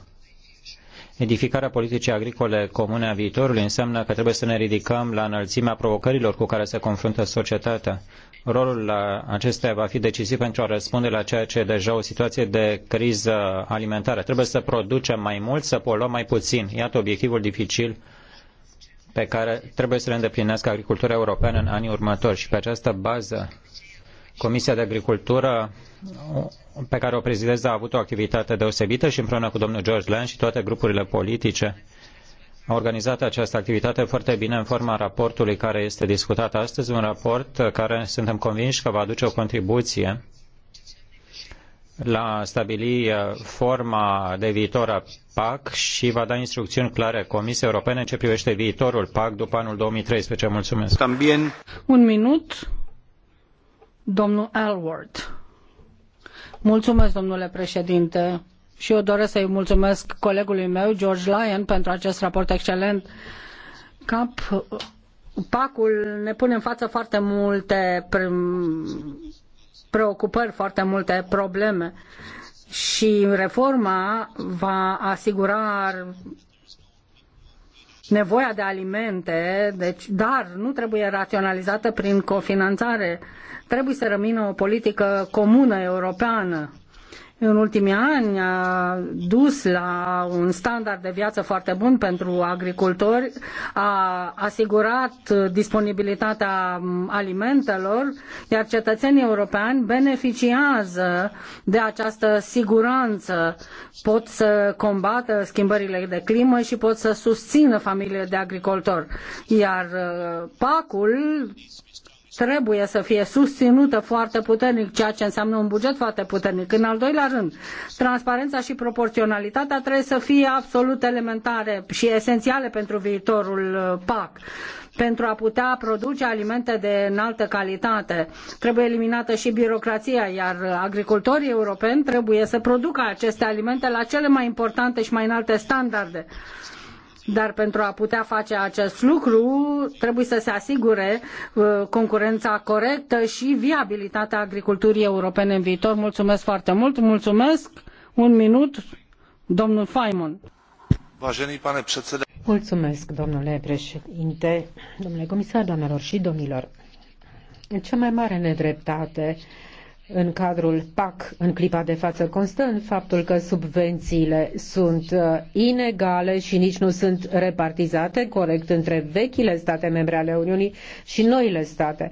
Edificarea politicii agricole comune a viitorului înseamnă că trebuie să ne ridicăm la înălțimea provocărilor cu care se confruntă societatea. Rolul acesta va fi decisiv pentru a răspunde la ceea ce e deja o situație de criză alimentară. Trebuie să producem mai mult, să poluăm mai puțin. Iată obiectivul dificil pe care trebuie să le îndeplinească agricultura europeană în anii următori. Și pe această bază, Comisia de Agricultură pe care o prezidez a avut o activitate deosebită și împreună cu domnul George Lange și toate grupurile politice a organizat această activitate foarte bine în forma raportului care este discutat astăzi, un raport care suntem convinși că va aduce o contribuție la stabili uh, forma de viitor a PAC și va da instrucțiuni clare Comisiei Europene în ce privește viitorul PAC după anul 2013. Mulțumesc. Tambien... Un minut, domnul Alward. Mulțumesc, domnule președinte. Și eu doresc să îi mulțumesc colegului meu, George Lyon, pentru acest raport excelent. pac ul ne pune în față foarte multe preocupări, foarte multe probleme și reforma va asigura nevoia de alimente, deci, dar nu trebuie raționalizată prin cofinanțare. Trebuie să rămână o politică comună europeană în ultimii ani a dus la un standard de viață foarte bun pentru agricultori, a asigurat disponibilitatea alimentelor, iar cetățenii europeni beneficiază de această siguranță, pot să combată schimbările de climă și pot să susțină familiile de agricultori. Iar uh, pacul trebuie să fie susținută foarte puternic, ceea ce înseamnă un buget foarte puternic. În al doilea rând, transparența și proporționalitatea trebuie să fie absolut elementare și esențiale pentru viitorul uh, PAC pentru a putea produce alimente de înaltă calitate. Trebuie eliminată și birocrația, iar agricultorii europeni trebuie să producă aceste alimente la cele mai importante și mai înalte standarde. Dar pentru a putea face acest lucru, trebuie să se asigure uh, concurența corectă și viabilitatea agriculturii europene în viitor. Mulțumesc foarte mult. Mulțumesc. Un minut, domnul Faimon. Mulțumesc, domnule președinte, domnule comisar, doamnelor și domnilor. Cea mai mare nedreptate în cadrul PAC în clipa de față constă în faptul că subvențiile sunt uh, inegale și nici nu sunt repartizate corect între vechile state membre ale Uniunii și noile state.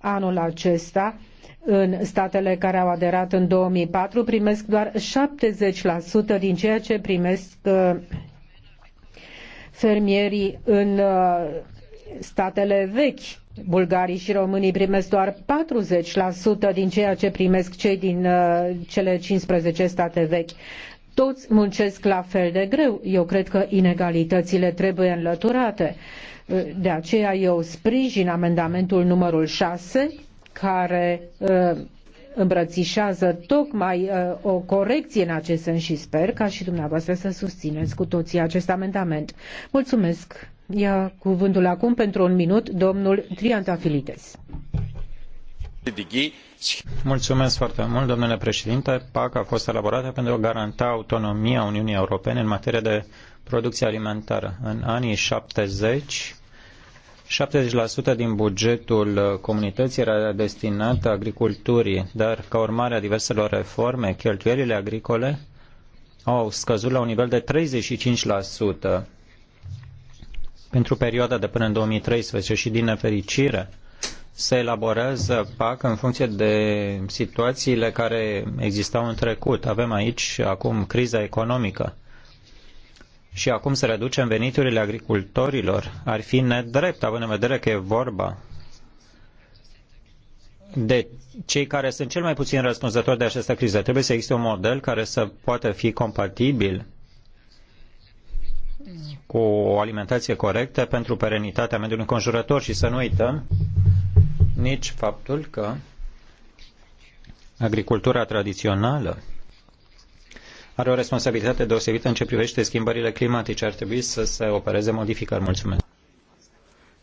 Anul acesta, în statele care au aderat în 2004 primesc doar 70% din ceea ce primesc uh, fermierii în uh, statele vechi bulgarii și românii primesc doar 40% din ceea ce primesc cei din uh, cele 15 state vechi. Toți muncesc la fel de greu. Eu cred că inegalitățile trebuie înlăturate. Uh, de aceea eu sprijin amendamentul numărul 6, care uh, îmbrățișează tocmai o corecție în acest sens și sper ca și dumneavoastră să susțineți cu toții acest amendament. Mulțumesc! Ia cuvântul acum pentru un minut domnul Triantafilides. Mulțumesc foarte mult, domnule președinte. PAC a fost elaborată pentru a garanta autonomia Uniunii Europene în materie de producție alimentară. În anii 70, 70% din bugetul comunității era destinat agriculturii, dar ca urmare a diverselor reforme, cheltuielile agricole au scăzut la un nivel de 35% pentru perioada de până în 2013 și din nefericire se elaborează PAC în funcție de situațiile care existau în trecut. Avem aici acum criza economică și acum să reducem veniturile agricultorilor ar fi nedrept, având în vedere că e vorba de cei care sunt cel mai puțin răspunzători de această criză. Trebuie să existe un model care să poată fi compatibil cu o alimentație corectă pentru perenitatea mediului înconjurător și să nu uităm nici faptul că agricultura tradițională are o responsabilitate deosebită în ce privește schimbările climatice. Ar trebui să se opereze modificări. Mulțumesc.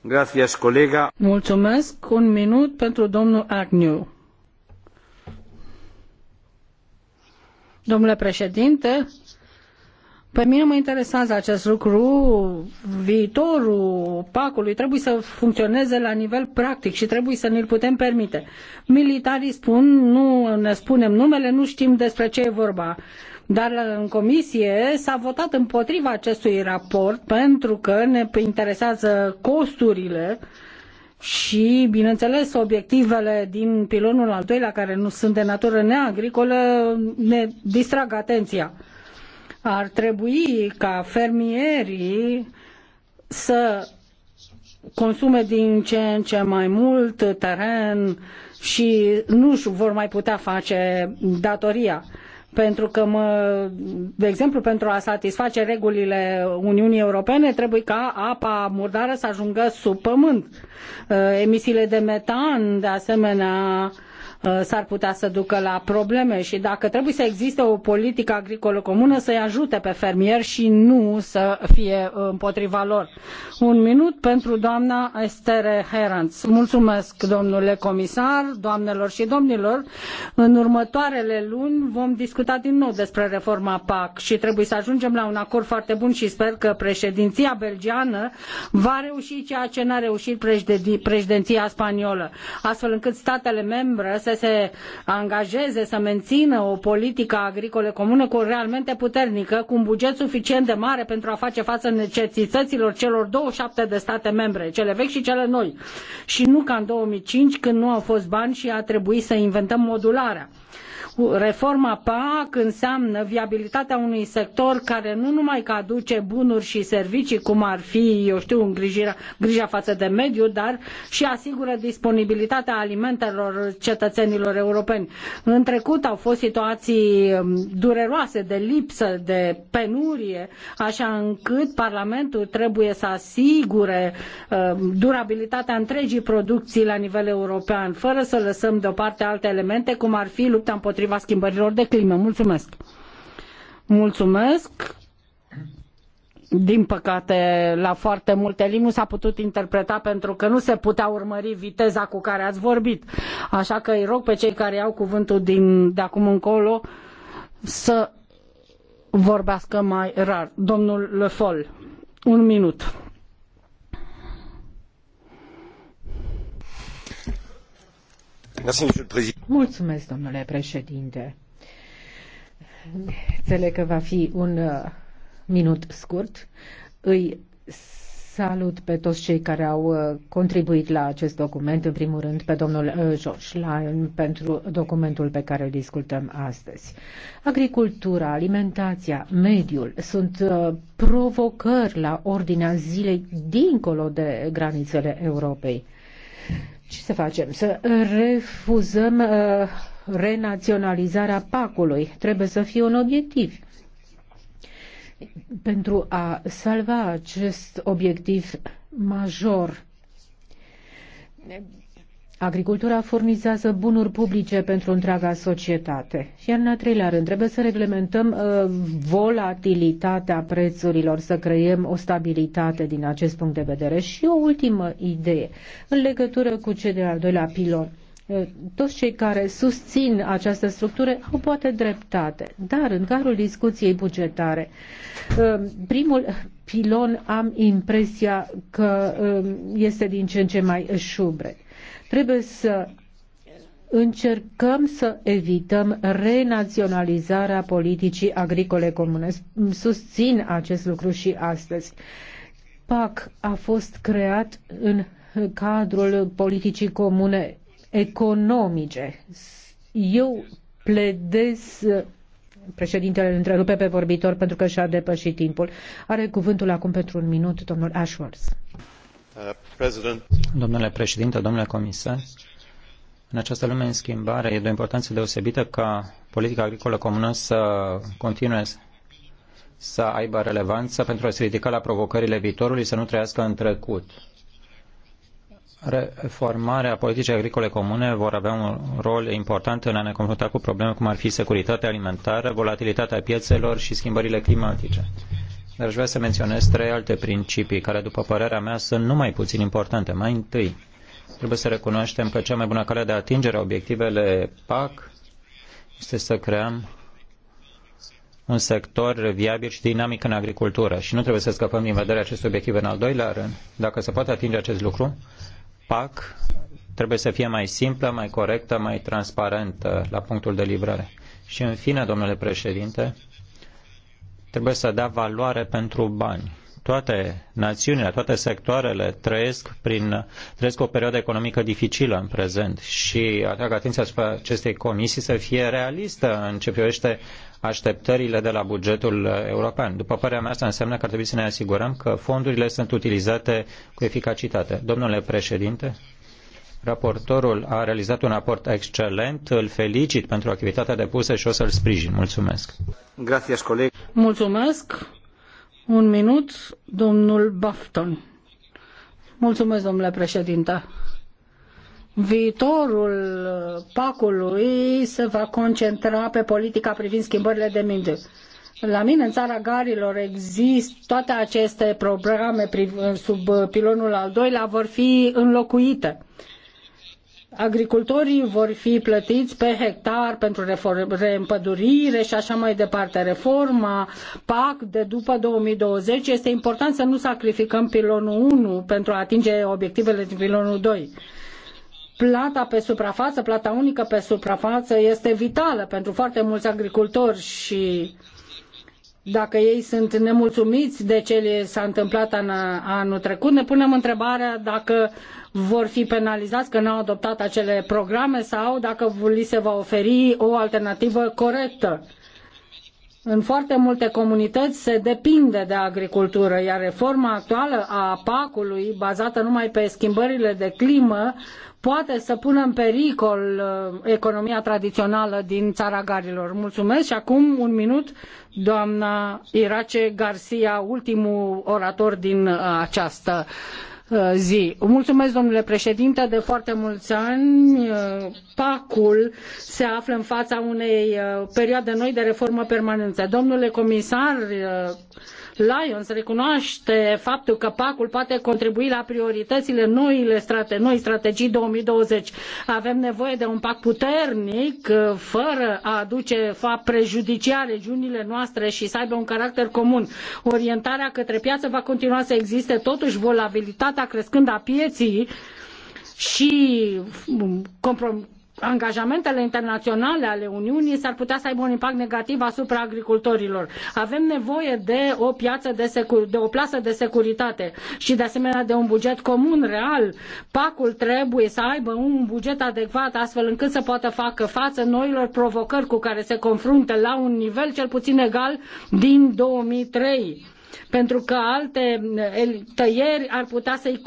Gracias, colega. Mulțumesc. Un minut pentru domnul Agnew. Domnule președinte, pe mine mă interesează acest lucru. Viitorul pacului trebuie să funcționeze la nivel practic și trebuie să ne-l putem permite. Militarii spun, nu ne spunem numele, nu știm despre ce e vorba. Dar în comisie s-a votat împotriva acestui raport pentru că ne interesează costurile și, bineînțeles, obiectivele din pilonul al doilea, care nu sunt de natură neagricolă, ne distrag atenția ar trebui ca fermierii să consume din ce în ce mai mult teren și nu vor mai putea face datoria pentru că, mă, de exemplu, pentru a satisface regulile Uniunii Europene, trebuie ca apa murdară să ajungă sub pământ. Emisiile de metan, de asemenea, Uh, s-ar putea să ducă la probleme și dacă trebuie să existe o politică agricolă comună să-i ajute pe fermieri și nu să fie împotriva lor. Un minut pentru doamna Estere Heranz. Mulțumesc, domnule comisar, doamnelor și domnilor. În următoarele luni vom discuta din nou despre reforma PAC și trebuie să ajungem la un acord foarte bun și sper că președinția belgiană va reuși ceea ce n-a reușit președinția spaniolă, astfel încât statele membre să să se angajeze, să mențină o politică agricolă comună cu realmente puternică, cu un buget suficient de mare pentru a face față necesităților celor 27 de state membre, cele vechi și cele noi. Și nu ca în 2005, când nu au fost bani și a trebuit să inventăm modularea. Reforma PAC înseamnă viabilitatea unui sector care nu numai că aduce bunuri și servicii, cum ar fi, eu știu, îngrijirea, grija față de mediu, dar și asigură disponibilitatea alimentelor cetățenilor europeni. În trecut au fost situații um, dureroase de lipsă, de penurie, așa încât Parlamentul trebuie să asigure um, durabilitatea întregii producții la nivel european, fără să lăsăm deoparte alte elemente, cum ar fi lupta împotriva împotriva schimbărilor de climă. Mulțumesc! Mulțumesc! Din păcate, la foarte multe limbi nu s-a putut interpreta pentru că nu se putea urmări viteza cu care ați vorbit. Așa că îi rog pe cei care au cuvântul din, de acum încolo să vorbească mai rar. Domnul Le Foll, un minut. Mulțumesc, domnule președinte. Înțeleg că va fi un uh, minut scurt. Îi salut pe toți cei care au uh, contribuit la acest document, în primul rând pe domnul uh, George Lyon pentru documentul pe care îl discutăm astăzi. Agricultura, alimentația, mediul sunt provocări la ordinea zilei dincolo de granițele Europei. Ce să facem? Să refuzăm uh, renaționalizarea pacului. Trebuie să fie un obiectiv. Pentru a salva acest obiectiv major, Agricultura furnizează bunuri publice pentru întreaga societate. Iar în a treilea rând, trebuie să reglementăm uh, volatilitatea prețurilor, să creăm o stabilitate din acest punct de vedere. Și o ultimă idee, în legătură cu cel de-al doilea pilon. Uh, toți cei care susțin această structură au poate dreptate, dar în carul discuției bugetare, uh, primul pilon am impresia că uh, este din ce în ce mai șubre Trebuie să încercăm să evităm renaționalizarea politicii agricole comune. Susțin acest lucru și astăzi. PAC a fost creat în cadrul politicii comune economice. Eu pledez președintele întrerupe pe vorbitor pentru că și-a depășit timpul. Are cuvântul acum pentru un minut domnul Ashworth. Uh, Domnule președinte, domnule comisar, în această lume în schimbare e de o importanță deosebită ca politica agricolă comună să continue să aibă relevanță pentru a se ridica la provocările viitorului, să nu trăiască în trecut. Reformarea politicii agricole comune vor avea un rol important în a ne confrunta cu probleme cum ar fi securitatea alimentară, volatilitatea piețelor și schimbările climatice. Dar aș vrea să menționez trei alte principii care, după părerea mea, sunt numai puțin importante. Mai întâi, trebuie să recunoaștem că cea mai bună cale de atingere a obiectivele PAC este să creăm un sector viabil și dinamic în agricultură. Și nu trebuie să scăpăm din vedere acest obiectiv în al doilea rând. Dacă se poate atinge acest lucru, PAC trebuie să fie mai simplă, mai corectă, mai transparentă la punctul de livrare. Și în fine, domnule președinte, trebuie să dea valoare pentru bani. Toate națiunile, toate sectoarele trăiesc, prin, trăiesc o perioadă economică dificilă în prezent și atrag atenția asupra acestei comisii să fie realistă în ce privește așteptările de la bugetul european. După părerea mea, asta înseamnă că ar trebui să ne asigurăm că fondurile sunt utilizate cu eficacitate. Domnule președinte, Raportorul a realizat un raport excelent, îl felicit pentru activitatea depusă și o să-l sprijin. Mulțumesc. Gracias, coleg. Mulțumesc. Un minut, domnul Bafton. Mulțumesc, domnule președinte. Viitorul uh, pacului se va concentra pe politica privind schimbările de minte. La mine, în țara Garilor, există toate aceste programe sub uh, pilonul al doilea vor fi înlocuite agricultorii vor fi plătiți pe hectar pentru reîmpădurire și așa mai departe. Reforma PAC de după 2020 este important să nu sacrificăm pilonul 1 pentru a atinge obiectivele din pilonul 2. Plata pe suprafață, plata unică pe suprafață este vitală pentru foarte mulți agricultori și uh, dacă ei sunt nemulțumiți de ce le s-a întâmplat an, anul trecut, ne punem întrebarea dacă vor fi penalizați că nu au adoptat acele programe sau dacă li se va oferi o alternativă corectă. În foarte multe comunități se depinde de agricultură, iar reforma actuală a PAC-ului, bazată numai pe schimbările de climă, poate să pună în pericol uh, economia tradițională din țara garilor. Mulțumesc și acum un minut, doamna Irace Garcia, ultimul orator din uh, această uh, zi. Mulțumesc, domnule președinte, de foarte mulți ani pacul se află în fața unei perioade noi de reformă permanentă. Domnule comisar, Lions recunoaște faptul că PAC-ul poate contribui la prioritățile noile strate, noi strategii 2020. Avem nevoie de un PAC puternic, uh, fără a aduce fapt prejudiciar regiunile noastre și să aibă un caracter comun. Orientarea către piață va continua să existe, totuși volabilitatea crescând a pieții și um, comprom- angajamentele internaționale ale Uniunii s-ar putea să aibă un impact negativ asupra agricultorilor. Avem nevoie de o piață de, de o plasă de securitate și de asemenea de un buget comun real. Pacul trebuie să aibă un buget adecvat astfel încât să poată facă față noilor provocări cu care se confruntă la un nivel cel puțin egal din 2003 pentru că alte eh, tăieri ar putea să-i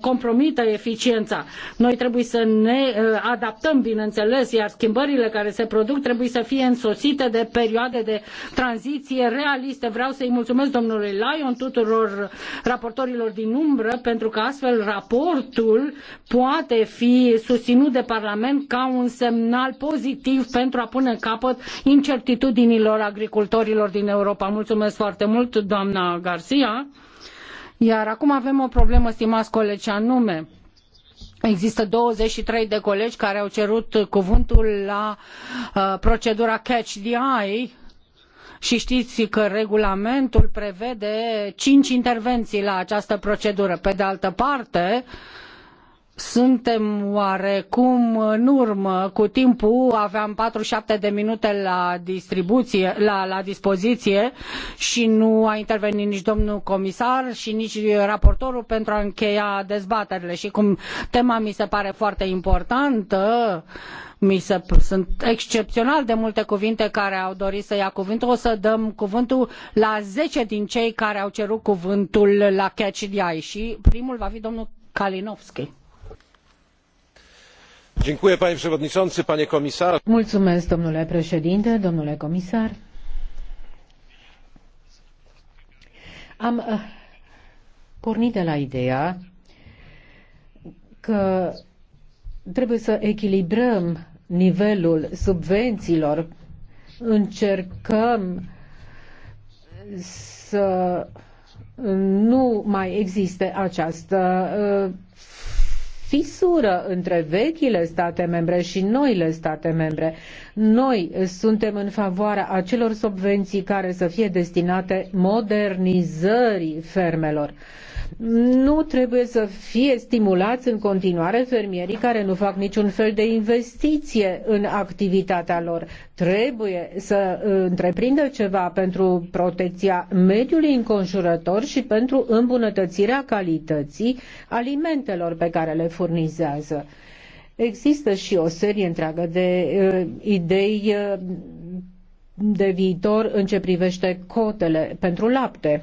compromită eficiența. Noi trebuie să ne eh, adaptăm, bineînțeles, iar schimbările care se produc trebuie să fie însoțite de perioade de tranziție realiste. Vreau să-i mulțumesc domnului Lyon, tuturor raportorilor din umbră, pentru că astfel raportul poate fi susținut de Parlament ca un semnal pozitiv pentru a pune capăt incertitudinilor agricultorilor din Europa. Mulțumesc foarte mult, doamna doamna Garcia. Iar acum avem o problemă, stimați colegi, anume Există 23 de colegi care au cerut cuvântul la uh, procedura Catch the Eye și știți că regulamentul prevede cinci intervenții la această procedură. Pe de altă parte, uh, suntem oarecum în urmă cu timpul, aveam 47 de minute la distribuție, la, la dispoziție și nu a intervenit nici domnul comisar și nici raportorul pentru a încheia dezbaterile și cum tema mi se pare foarte importantă, mi se, sunt excepțional de multe cuvinte care au dorit să ia cuvântul. O să dăm cuvântul la zece din cei care au cerut cuvântul la Catch the Eye și primul va fi domnul Kalinowski domnule președinte domnule comisar am eh, pornit de la ideea că trebuie să echilibrăm nivelul subvențiilor încercăm să nu mai existe această eh, fisură între vechile state membre și noile state membre. Noi suntem în favoarea acelor subvenții care să fie destinate modernizării fermelor. Nu trebuie să fie stimulați în continuare fermierii care nu fac niciun fel de investiție în activitatea lor. Trebuie să uh, întreprindă ceva pentru protecția mediului înconjurător și pentru îmbunătățirea calității alimentelor pe care le furnizează. Există și o serie întreagă de uh, idei uh, de viitor în ce privește cotele pentru lapte.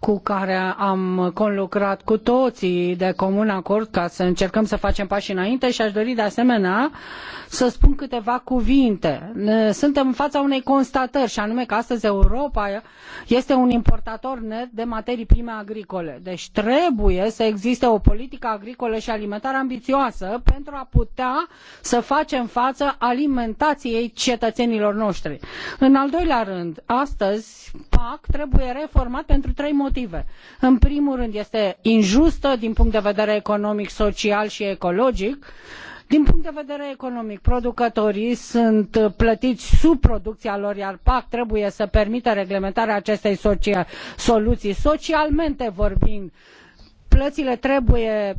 cu care am conlucrat cu toții de comun acord ca să încercăm să facem pași înainte și aș dori de asemenea să spun câteva cuvinte. Suntem în fața unei constatări și anume că astăzi Europa este un importator net de materii prime agricole. Deci trebuie să existe o politică agricolă și alimentară ambițioasă pentru a putea să facem față alimentației cetățenilor noștri. În al doilea rând, astăzi PAC trebuie reformat pentru trei motive motive în primul rând este injustă din punct de vedere economic social și ecologic din punct de vedere economic producătorii sunt plătiți sub producția lor iar pac trebuie să permită reglementarea acestei soluții socialmente vorbind plățile trebuie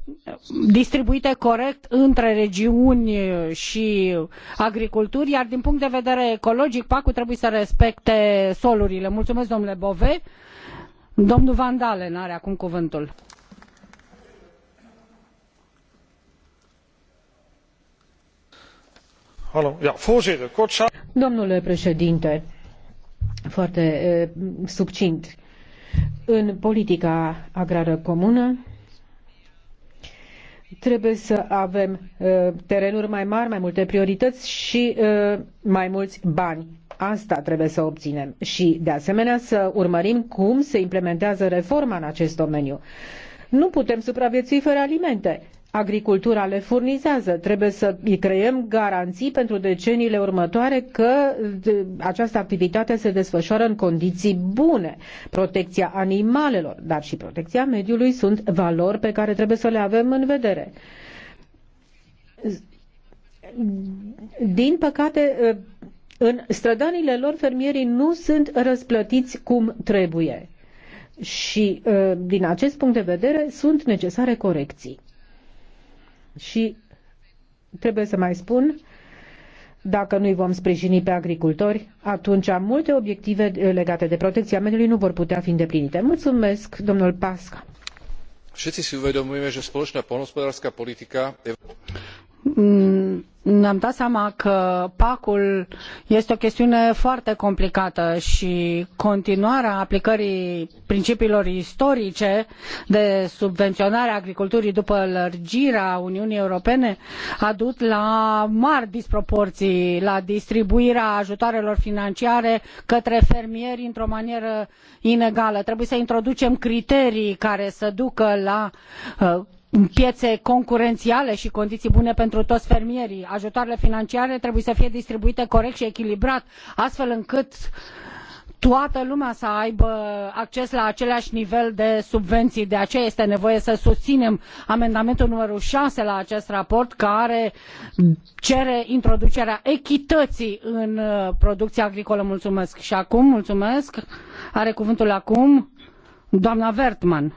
distribuite corect între regiuni și agriculturi iar din punct de vedere ecologic pac ul trebuie să respecte solurile. mulțumesc domnule Bove. Domnul are acum Domnule președinte, foarte succint. În politica agrară comună trebuie să avem terenuri mai mari, mai multe priorități și mai mulți bani asta trebuie să obținem și, de asemenea, să urmărim cum se implementează reforma în acest domeniu. Nu putem supraviețui fără alimente. Agricultura le furnizează. Trebuie să îi creăm garanții pentru deceniile următoare că această activitate se desfășoară în condiții bune. Protecția animalelor, dar și protecția mediului sunt valori pe care trebuie să le avem în vedere. Din păcate, în strădanile lor, fermierii nu sunt răsplătiți cum trebuie. Și, uh, din acest punct de vedere, sunt necesare corecții. Și trebuie să mai spun, dacă nu-i vom sprijini pe agricultori, atunci multe obiective uh, legate de protecția mediului nu vor putea fi îndeplinite. Mulțumesc, domnul Pasca. Všetci si uvedomujeme, že spoločná polnohospodárska politika... Mm ne-am dat seama că PAC-ul este o chestiune foarte complicată și continuarea aplicării principiilor istorice de subvenționare a agriculturii după lărgirea Uniunii Europene a dus la mari disproporții, la distribuirea ajutoarelor financiare către fermieri într-o manieră inegală. Trebuie să introducem criterii care să ducă la uh, piețe concurențiale și condiții bune pentru toți fermierii. Ajutoarele financiare trebuie să fie distribuite corect și echilibrat, astfel încât toată lumea să aibă acces la același nivel de subvenții. De aceea este nevoie să susținem amendamentul numărul șase la acest raport care cere introducerea echității în uh, producția agricolă. Mulțumesc. Și acum, mulțumesc. Are cuvântul acum doamna Vertman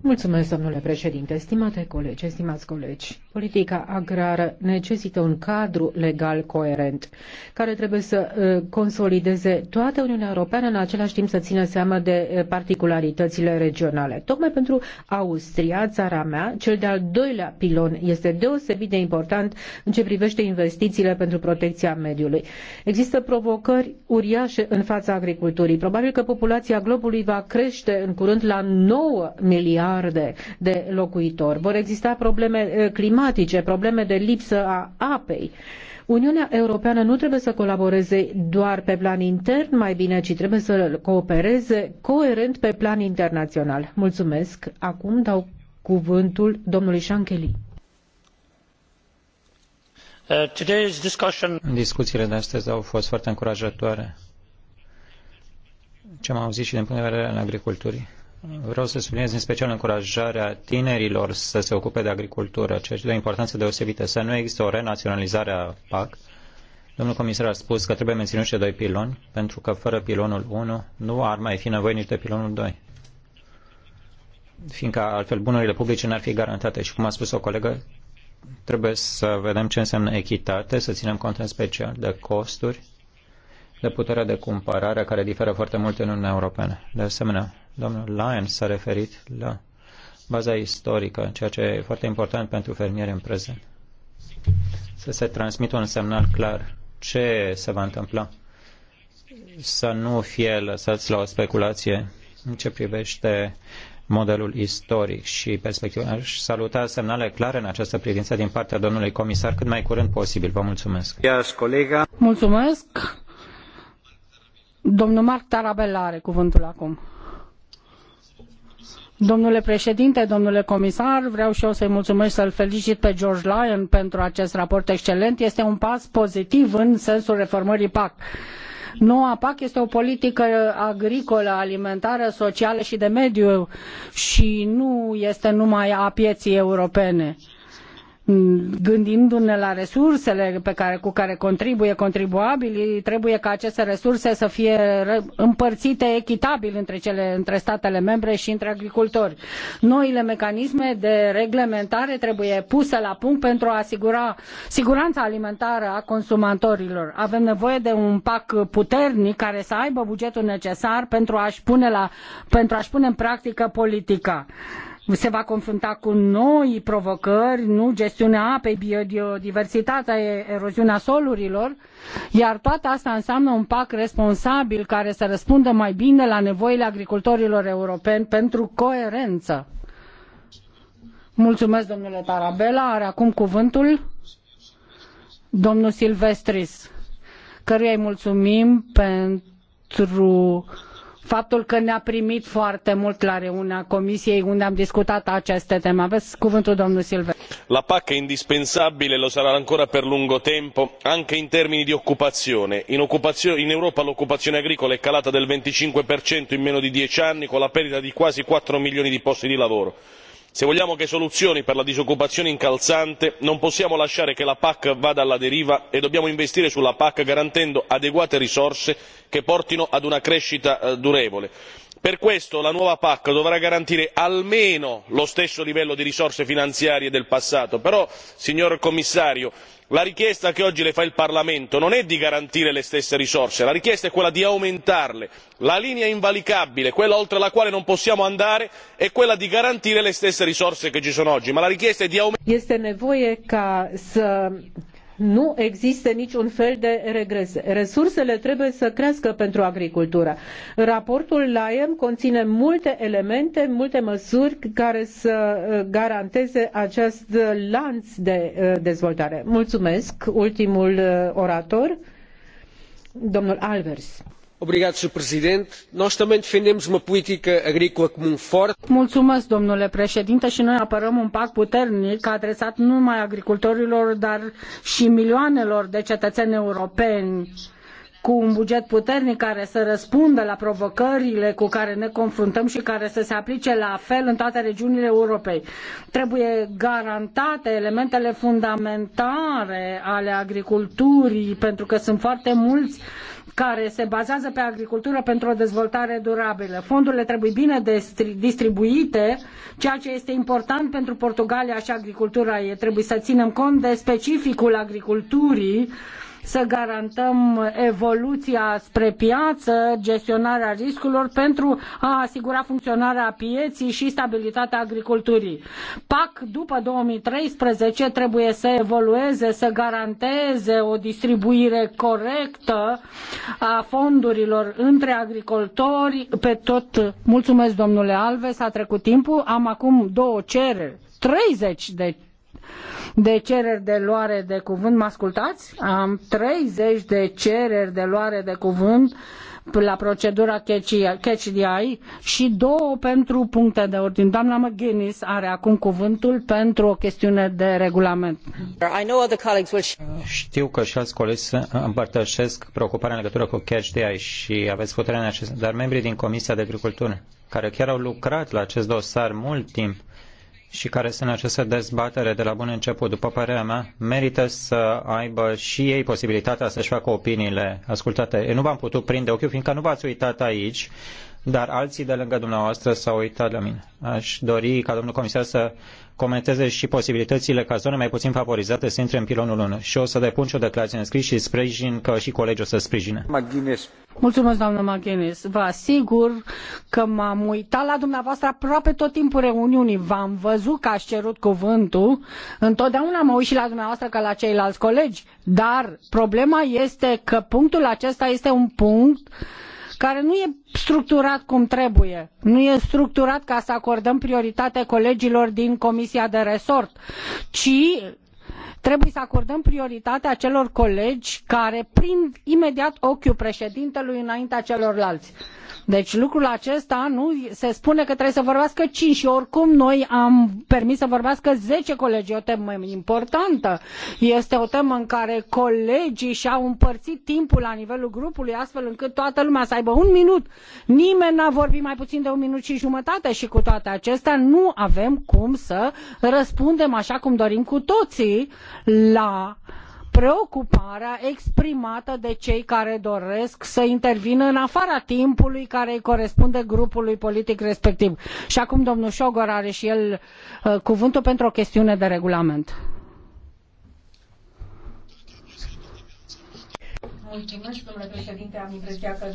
Mulțumesc, domnule președinte, stimate colegi, stimați colegi. Politica agrară necesită un cadru legal coerent, care trebuie să uh, consolideze toată Uniunea Europeană, în același timp să țină seama de uh, particularitățile regionale. Tocmai pentru Austria, țara mea, cel de-al doilea pilon este deosebit de important în ce privește investițiile pentru protecția mediului. Există provocări uriașe în fața agriculturii. Probabil că populația globului va crește în curând la 9 miliarde de locuitori. Vor exista probleme eh, climatice, probleme de lipsă a apei. Uniunea Europeană nu trebuie să colaboreze doar pe plan intern mai bine, ci trebuie să coopereze coerent pe plan internațional. Mulțumesc. Acum dau cuvântul domnului Șancheli. Uh, discuțiile de astăzi au fost foarte încurajatoare. Ce am auzit și din punct de vedere al agriculturii. Vreau să subliniez în special încurajarea tinerilor să se ocupe de agricultură, ceea ce de o importanță deosebită. Să nu există o renaționalizare a PAC. Domnul comisar a spus că trebuie menținut și doi piloni, pentru că fără pilonul 1 nu ar mai fi nevoie nici de pilonul 2. Fiindcă altfel bunurile publice n-ar fi garantate. Și cum a spus o colegă, trebuie să vedem ce înseamnă echitate, să ținem cont în special de costuri, de puterea de cumpărare care diferă foarte mult în Uniunea Europeană. De asemenea, Domnul Lyons s-a referit la baza istorică, ceea ce e foarte important pentru fermieri în prezent. Să se transmită un semnal clar ce se va întâmpla. Să nu fie lăsați la o speculație în ce privește modelul istoric și perspectiva. Aș saluta semnale clare în această privință din partea domnului comisar cât mai curând posibil. Vă mulțumesc. Mulțumesc. Domnul Marc Tarabella are cuvântul acum. Domnule președinte, domnule comisar, vreau și eu să-i să îl felicit pe George Lyon pentru acest raport excelent. Este un pas pozitiv în sensul reformării PAC. Noua PAC este o politică agricolă, alimentară, socială și de mediu și nu este numai a pieții europene gândindu-ne la resursele pe care, cu care contribuie contribuabilii, trebuie ca aceste resurse să fie împărțite echitabil între, cele, între statele membre și între agricultori. Noile mecanisme de reglementare trebuie puse la punct pentru a asigura siguranța alimentară a consumatorilor. Avem nevoie de un pac puternic care să aibă bugetul necesar pentru a-și pune, la, pentru a-și pune în practică politica se va confrunta cu noi provocări, nu gestiunea apei, biodiversitatea, eroziunea solurilor, iar toate asta înseamnă un pact responsabil care să răspundă mai bine la nevoile agricultorilor europeni pentru coerență. Mulțumesc, domnule Tarabella. Are acum cuvântul domnul Silvestris, căruia îi mulțumim pentru faptul că ne-a primit foarte mult la reuniunea comisiei unde am discutat aceste teme. Aveți cuvântul, domnul Silver. La PAC è indispensabile, lo sarà ancora per lungo tempo, anche in termini di occupazione. In, occupazio- in Europa l'occupazione agricola è calata del 25% in meno di 10 anni, con la perdita di quasi 4 milioni di posti di lavoro se vogliamo che soluzioni per la disoccupazione incalzante non possiamo lasciare che la pac vada alla deriva e dobbiamo investire sulla pac garantendo adeguate risorse che portino ad una crescita eh, durevole. per questo la nuova pac dovrà garantire almeno lo stesso livello di risorse finanziarie del passato però signor commissario la richiesta che oggi le fa il parlamento non è di garantire le stesse risorse la richiesta è quella di aumentarle la linea invalicabile quella oltre la quale non possiamo andare è quella di garantire le stesse risorse che ci sono oggi ma la richiesta è di. aumentare nu există niciun fel de regrese. Resursele trebuie să crească pentru agricultură. Raportul LAEM conține multe elemente, multe măsuri care să uh, garanteze acest lanț de uh, dezvoltare. Mulțumesc. Ultimul uh, orator, domnul Alvers. Sr. Presidente, nós também defendemos uma política agrícola comum forte. Mulțumesc, domnule președinte, și noi apărăm un pact puternic adresat nu numai agricultorilor, dar și milioanelor de cetățeni europeni cu un buget puternic care să răspundă la provocările cu care ne confruntăm și care să se aplice la fel în toate regiunile Europei. Trebuie garantate elementele fundamentale ale agriculturii, pentru că sunt foarte mulți care se bazează pe agricultură pentru o dezvoltare durabilă. Fondurile trebuie bine distribuite, ceea ce este important pentru Portugalia și agricultura. E, trebuie să ținem cont de specificul agriculturii uh, să garantăm evoluția spre piață, gestionarea riscurilor pentru a asigura funcționarea pieții și stabilitatea agriculturii. PAC după 2013 trebuie să evolueze, să garanteze o distribuire corectă a fondurilor între agricultori pe tot. Mulțumesc domnule Alves, a trecut timpul. Am acum două cereri, 30 de de cereri de luare de cuvânt. Mă ascultați? Am 30 de cereri de luare de cuvânt la procedura catch DI și două pentru puncte de ordine. Doamna McGuinness are acum cuvântul pentru o chestiune de regulament. Știu că și alți colegi împărtășesc preocuparea în legătură cu catch DI și aveți puterea în acest, dar membrii din Comisia de Agricultură care chiar au lucrat la acest dosar mult timp și care sunt această dezbatere de la bun început, după părerea mea, merită să aibă și ei posibilitatea să-și facă opiniile ascultate. Eu nu v-am putut prinde ochiul, fiindcă nu v-ați uitat aici, dar alții de lângă dumneavoastră s-au uitat la mine. Aș dori ca domnul comisar să comenteze și posibilitățile ca zone mai puțin favorizate să intre în pilonul 1. Și o să depun și o declarație în scris și sprijin că și colegii o să sprijine. Maghines. Mulțumesc, doamnă Maghines. Vă asigur că m-am uitat la dumneavoastră aproape tot timpul reuniunii. V-am văzut că ați cerut cuvântul. Întotdeauna mă uit și la dumneavoastră ca la ceilalți colegi. Dar problema este că punctul acesta este un punct care nu e structurat cum trebuie, nu e structurat ca să acordăm prioritate colegilor din Comisia de Resort, ci trebuie să acordăm prioritatea acelor colegi care prind imediat ochiul președintelui înaintea celorlalți. Deci lucrul acesta nu se spune că trebuie să vorbească cinci și oricum noi am permis să vorbească zece colegi. o temă importantă. Este o temă în care colegii și-au împărțit timpul la nivelul grupului astfel încât toată lumea să aibă un minut. Nimeni n-a vorbit mai puțin de un minut și jumătate și cu toate acestea nu avem cum să răspundem așa cum dorim cu toții la preocuparea exprimată de cei care doresc să intervină în afara timpului care îi corespunde grupului politic respectiv. Și acum domnul Șogor are și el uh, cuvântul pentru o chestiune de regulament. Mulțumesc, domnule președinte, am impresia că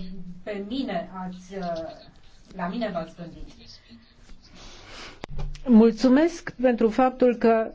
pe mine ați, uh, la mine v-ați gândit. Mulțumesc pentru faptul că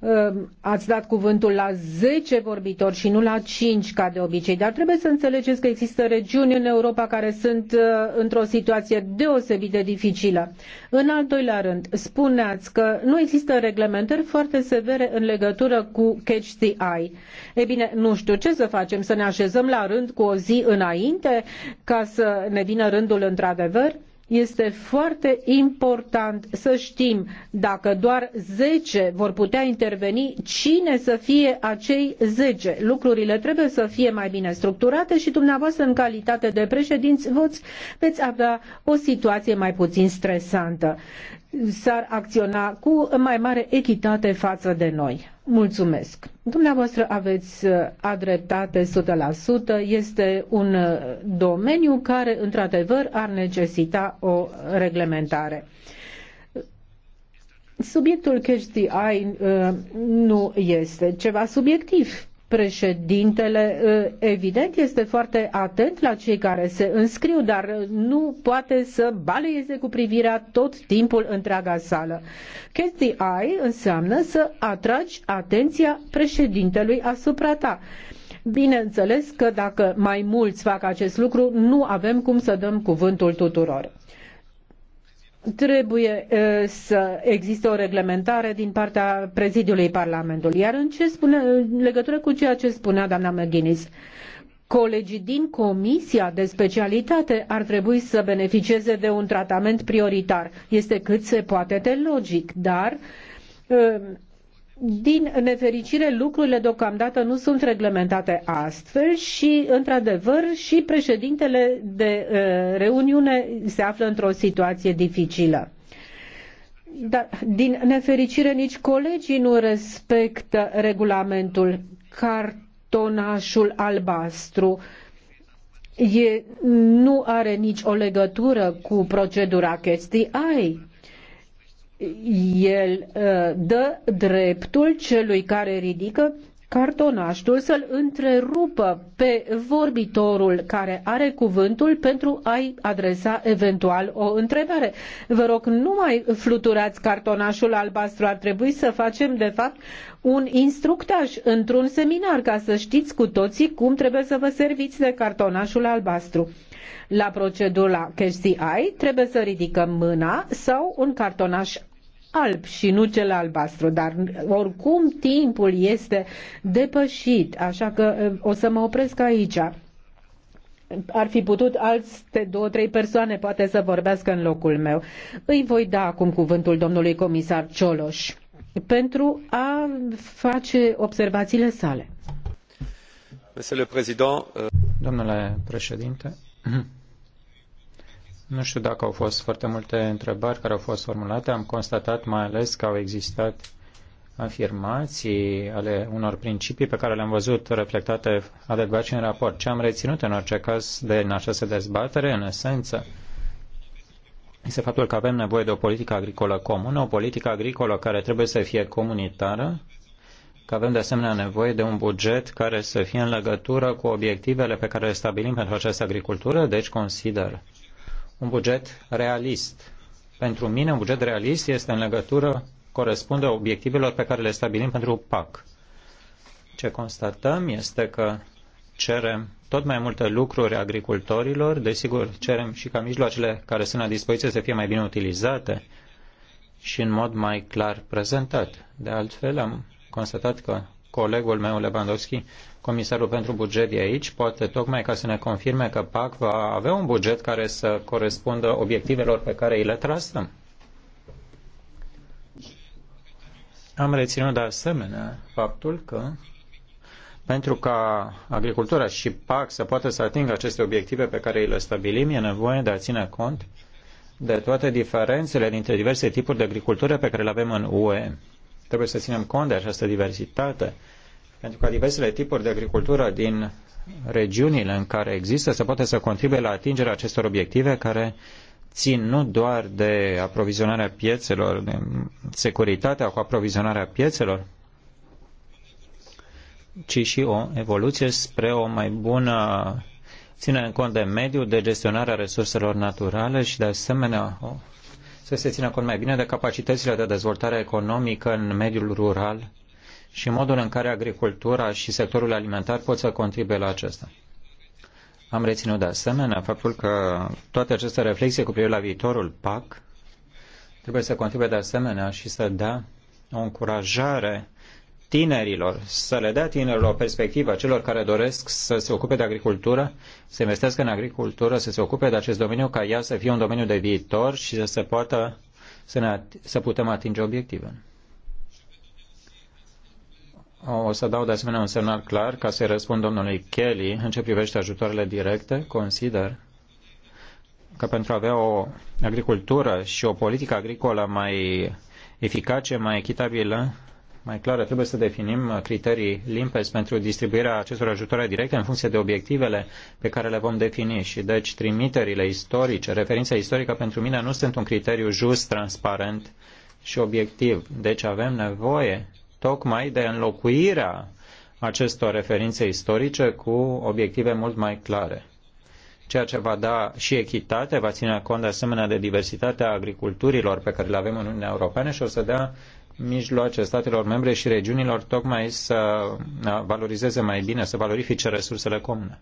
Ehm, ați dat cuvântul la 10 vorbitori și nu la 5 ca de obicei, dar trebuie să înțelegeți că există regiuni în Europa care sunt eh, într-o situație deosebit de dificilă. În al doilea rând, spuneați că nu există reglementări foarte severe în legătură cu catch the eye. E bine, nu știu ce să facem, să ne așezăm la rând cu o zi înainte ca să ne vină rândul într-adevăr? Este foarte important să știm dacă doar 10 vor putea interveni, cine să fie acei 10. Lucrurile trebuie să fie mai bine structurate și dumneavoastră în calitate de președinți voți, veți avea o situație mai puțin stresantă s-ar acționa cu mai mare echitate față de noi. Mulțumesc. Dumneavoastră aveți uh, adreptate 100%. Este un uh, domeniu care, într-adevăr, ar necesita o reglementare. Subiectul catch uh, nu este ceva subiectiv. Președintele, ă, evident, este foarte atent la cei care se înscriu, dar ă, nu poate să baleieze cu privirea tot timpul întreaga sală. Chestii ai înseamnă să atragi atenția președintelui asupra ta. Bineînțeles că dacă mai mulți fac acest lucru, nu avem cum să dăm cuvântul tuturor trebuie să existe o reglementare din partea prezidiului Parlamentului. Iar în, ce spune, în legătură cu ceea ce spunea doamna McGuinness, colegii din Comisia de Specialitate ar trebui să beneficieze de un tratament prioritar. Este cât se poate de logic, dar din nefericire, lucrurile deocamdată nu sunt reglementate astfel și, într-adevăr, și președintele de reuniune se află într-o situație dificilă. Dar, din nefericire, nici colegii nu respectă regulamentul. Cartonașul albastru e, nu are nici o legătură cu procedura chestii ai el uh, dă dreptul celui care ridică cartonaștul să-l întrerupă pe vorbitorul care are cuvântul pentru a-i adresa eventual o întrebare. Vă rog, nu mai fluturați cartonașul albastru, ar trebui să facem de fapt un instructaj într-un seminar ca să știți cu toții cum trebuie să vă serviți de cartonașul albastru. La procedura Cash trebuie să ridicăm mâna sau un cartonaș alb și nu cel albastru, dar oricum timpul este depășit, așa că eh, o să mă opresc aici. Ar fi putut alte două, trei persoane poate să vorbească în locul meu. Îi voi da acum cuvântul domnului comisar Cioloș pentru a face observațiile sale. Euh, Domnule președinte, Nu știu dacă au fost foarte multe întrebări care au fost formulate. Am constatat mai ales că au existat afirmații ale unor principii pe care le-am văzut reflectate adecvat și în raport. Ce am reținut în orice caz de în această dezbatere, în esență, este faptul că avem nevoie de o politică agricolă comună, o politică agricolă care trebuie să fie comunitară, că avem de asemenea nevoie de un buget care să fie în legătură cu obiectivele pe care le stabilim pentru această agricultură, deci consider un buget realist. Pentru mine, un buget realist este în legătură, corespunde obiectivelor pe care le stabilim pentru PAC. Ce constatăm este că cerem tot mai multe lucruri agricultorilor, desigur cerem și ca mijloacele care sunt la dispoziție să fie mai bine utilizate și în mod mai clar prezentat. De altfel, am constatat că colegul meu Lewandowski, comisarul pentru buget de aici, poate tocmai ca să ne confirme că PAC va avea un buget care să corespundă obiectivelor pe care îi le trasăm. Am reținut de asemenea faptul că pentru ca agricultura și PAC să poată să atingă aceste obiective pe care îi le stabilim, e nevoie de a ține cont de toate diferențele dintre diverse tipuri de agricultură pe care le avem în UE. Trebuie să ținem cont de această diversitate, pentru că diversele tipuri de agricultură din regiunile în care există se poate să contribuie la atingerea acestor obiective care țin nu doar de aprovizionarea piețelor, de securitatea cu aprovizionarea piețelor, ci și o evoluție spre o mai bună ținere în cont de mediu, de gestionarea resurselor naturale și de asemenea o să se țină cont mai bine de capacitățile de dezvoltare economică în mediul rural și modul în care agricultura și sectorul alimentar pot să contribuie la acesta. Am reținut de asemenea faptul că toate aceste reflexii cu privire la viitorul PAC trebuie să contribuie de asemenea și să dea o încurajare tinerilor, să le dea tinerilor o perspectivă, celor care doresc să se ocupe de agricultură, să investească în agricultură, să se ocupe de acest domeniu, ca ea să fie un domeniu de viitor și să se poată să, ne, să putem atinge obiective. O să dau de asemenea un semnal clar ca să-i răspund domnului Kelly în ce privește ajutoarele directe. Consider că pentru a avea o agricultură și o politică agricolă mai eficace, mai echitabilă, mai clară. Trebuie să definim criterii limpezi pentru distribuirea acestor ajutoare directe în funcție de obiectivele pe care le vom defini și deci trimiterile istorice, referința istorică pentru mine nu sunt un criteriu just, transparent și obiectiv. Deci avem nevoie tocmai de înlocuirea acestor referințe istorice cu obiective mult mai clare ceea ce va da și echitate, va ține cont de asemenea de diversitatea agriculturilor pe care le avem în Uniunea Europeană și o să dea mijloace statelor membre și regiunilor tocmai să uh, valorizeze mai bine, să valorifice resursele comune.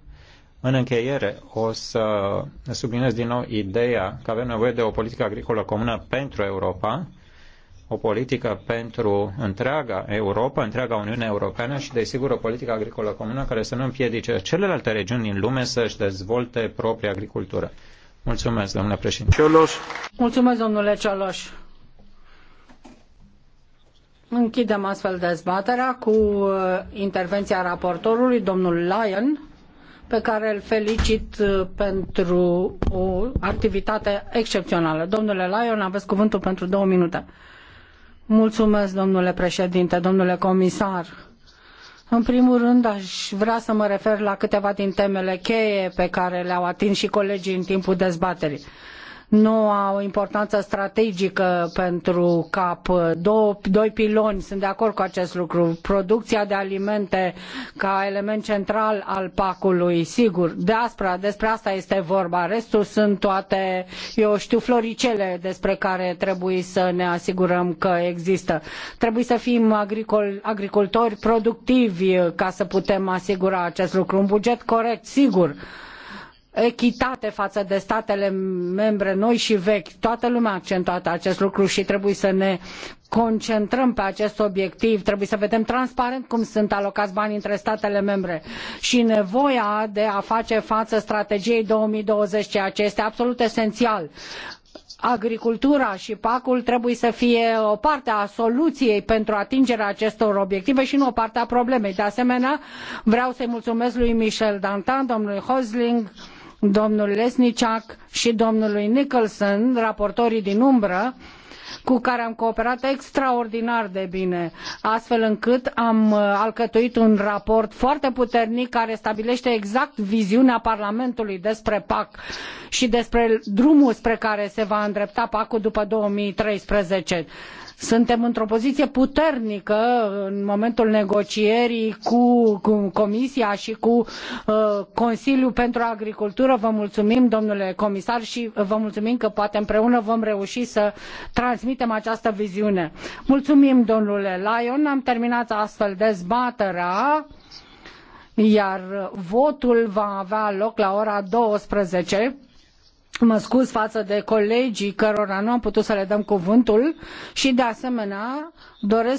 În încheiere, o să subliniez din nou ideea că avem nevoie de o politică agricolă comună pentru Europa, o politică pentru întreaga Europa, întreaga Uniune Europeană și, desigur, o politică agricolă comună care să nu împiedice celelalte regiuni din lume să-și dezvolte propria agricultură. Mulțumesc, domnule președinte. Mulțumesc, domnule Cioloș. Închidem astfel dezbaterea cu uh, intervenția raportorului, domnul Lyon, pe care îl felicit uh, pentru o activitate excepțională. Domnule Lyon, aveți cuvântul pentru două minute. Mulțumesc, domnule președinte, domnule comisar. În primul rând, aș vrea să mă refer la câteva din temele cheie pe care le-au atins și colegii în timpul dezbaterii nu au o importanță strategică pentru CAP. Două, doi piloni, sunt de acord cu acest lucru. Producția de alimente ca element central al PAC-ului, sigur, de aspra, despre asta este vorba. Restul sunt toate, eu știu, floricele despre care trebuie să ne asigurăm că există. Trebuie să fim agricol, agricultori productivi ca să putem asigura acest lucru. Un buget corect, sigur, echitate față de statele membre noi și vechi. Toată lumea a accentuat acest lucru și trebuie să ne concentrăm pe acest obiectiv, trebuie să vedem transparent cum sunt alocați banii între statele membre și nevoia de a face față strategiei 2020, ceea ce este absolut esențial agricultura și pacul trebuie să fie o parte a soluției pentru atingerea acestor obiective și nu o parte a problemei. De asemenea, vreau să-i mulțumesc lui Michel Dantin, domnului Hosling, domnul lesniak și domnului Nicholson, raportorii din umbră, cu care am cooperat extraordinar de bine, astfel încât am uh, alcătuit un raport foarte puternic care stabilește exact viziunea Parlamentului despre PAC și despre drumul spre care se va îndrepta PAC-ul după 2013. Suntem într-o poziție puternică în momentul negocierii cu, Comisia și cu uh, Consiliul pentru Agricultură. Vă mulțumim, domnule comisar, și vă mulțumim că poate împreună vom reuși să transmitem această viziune. Mulțumim, domnule Lyon. Am terminat astfel dezbaterea iar votul va avea loc la ora 12 mă scuz faă de colegii cărora nu am putut să le dăm cuvântul și de asemenea doresc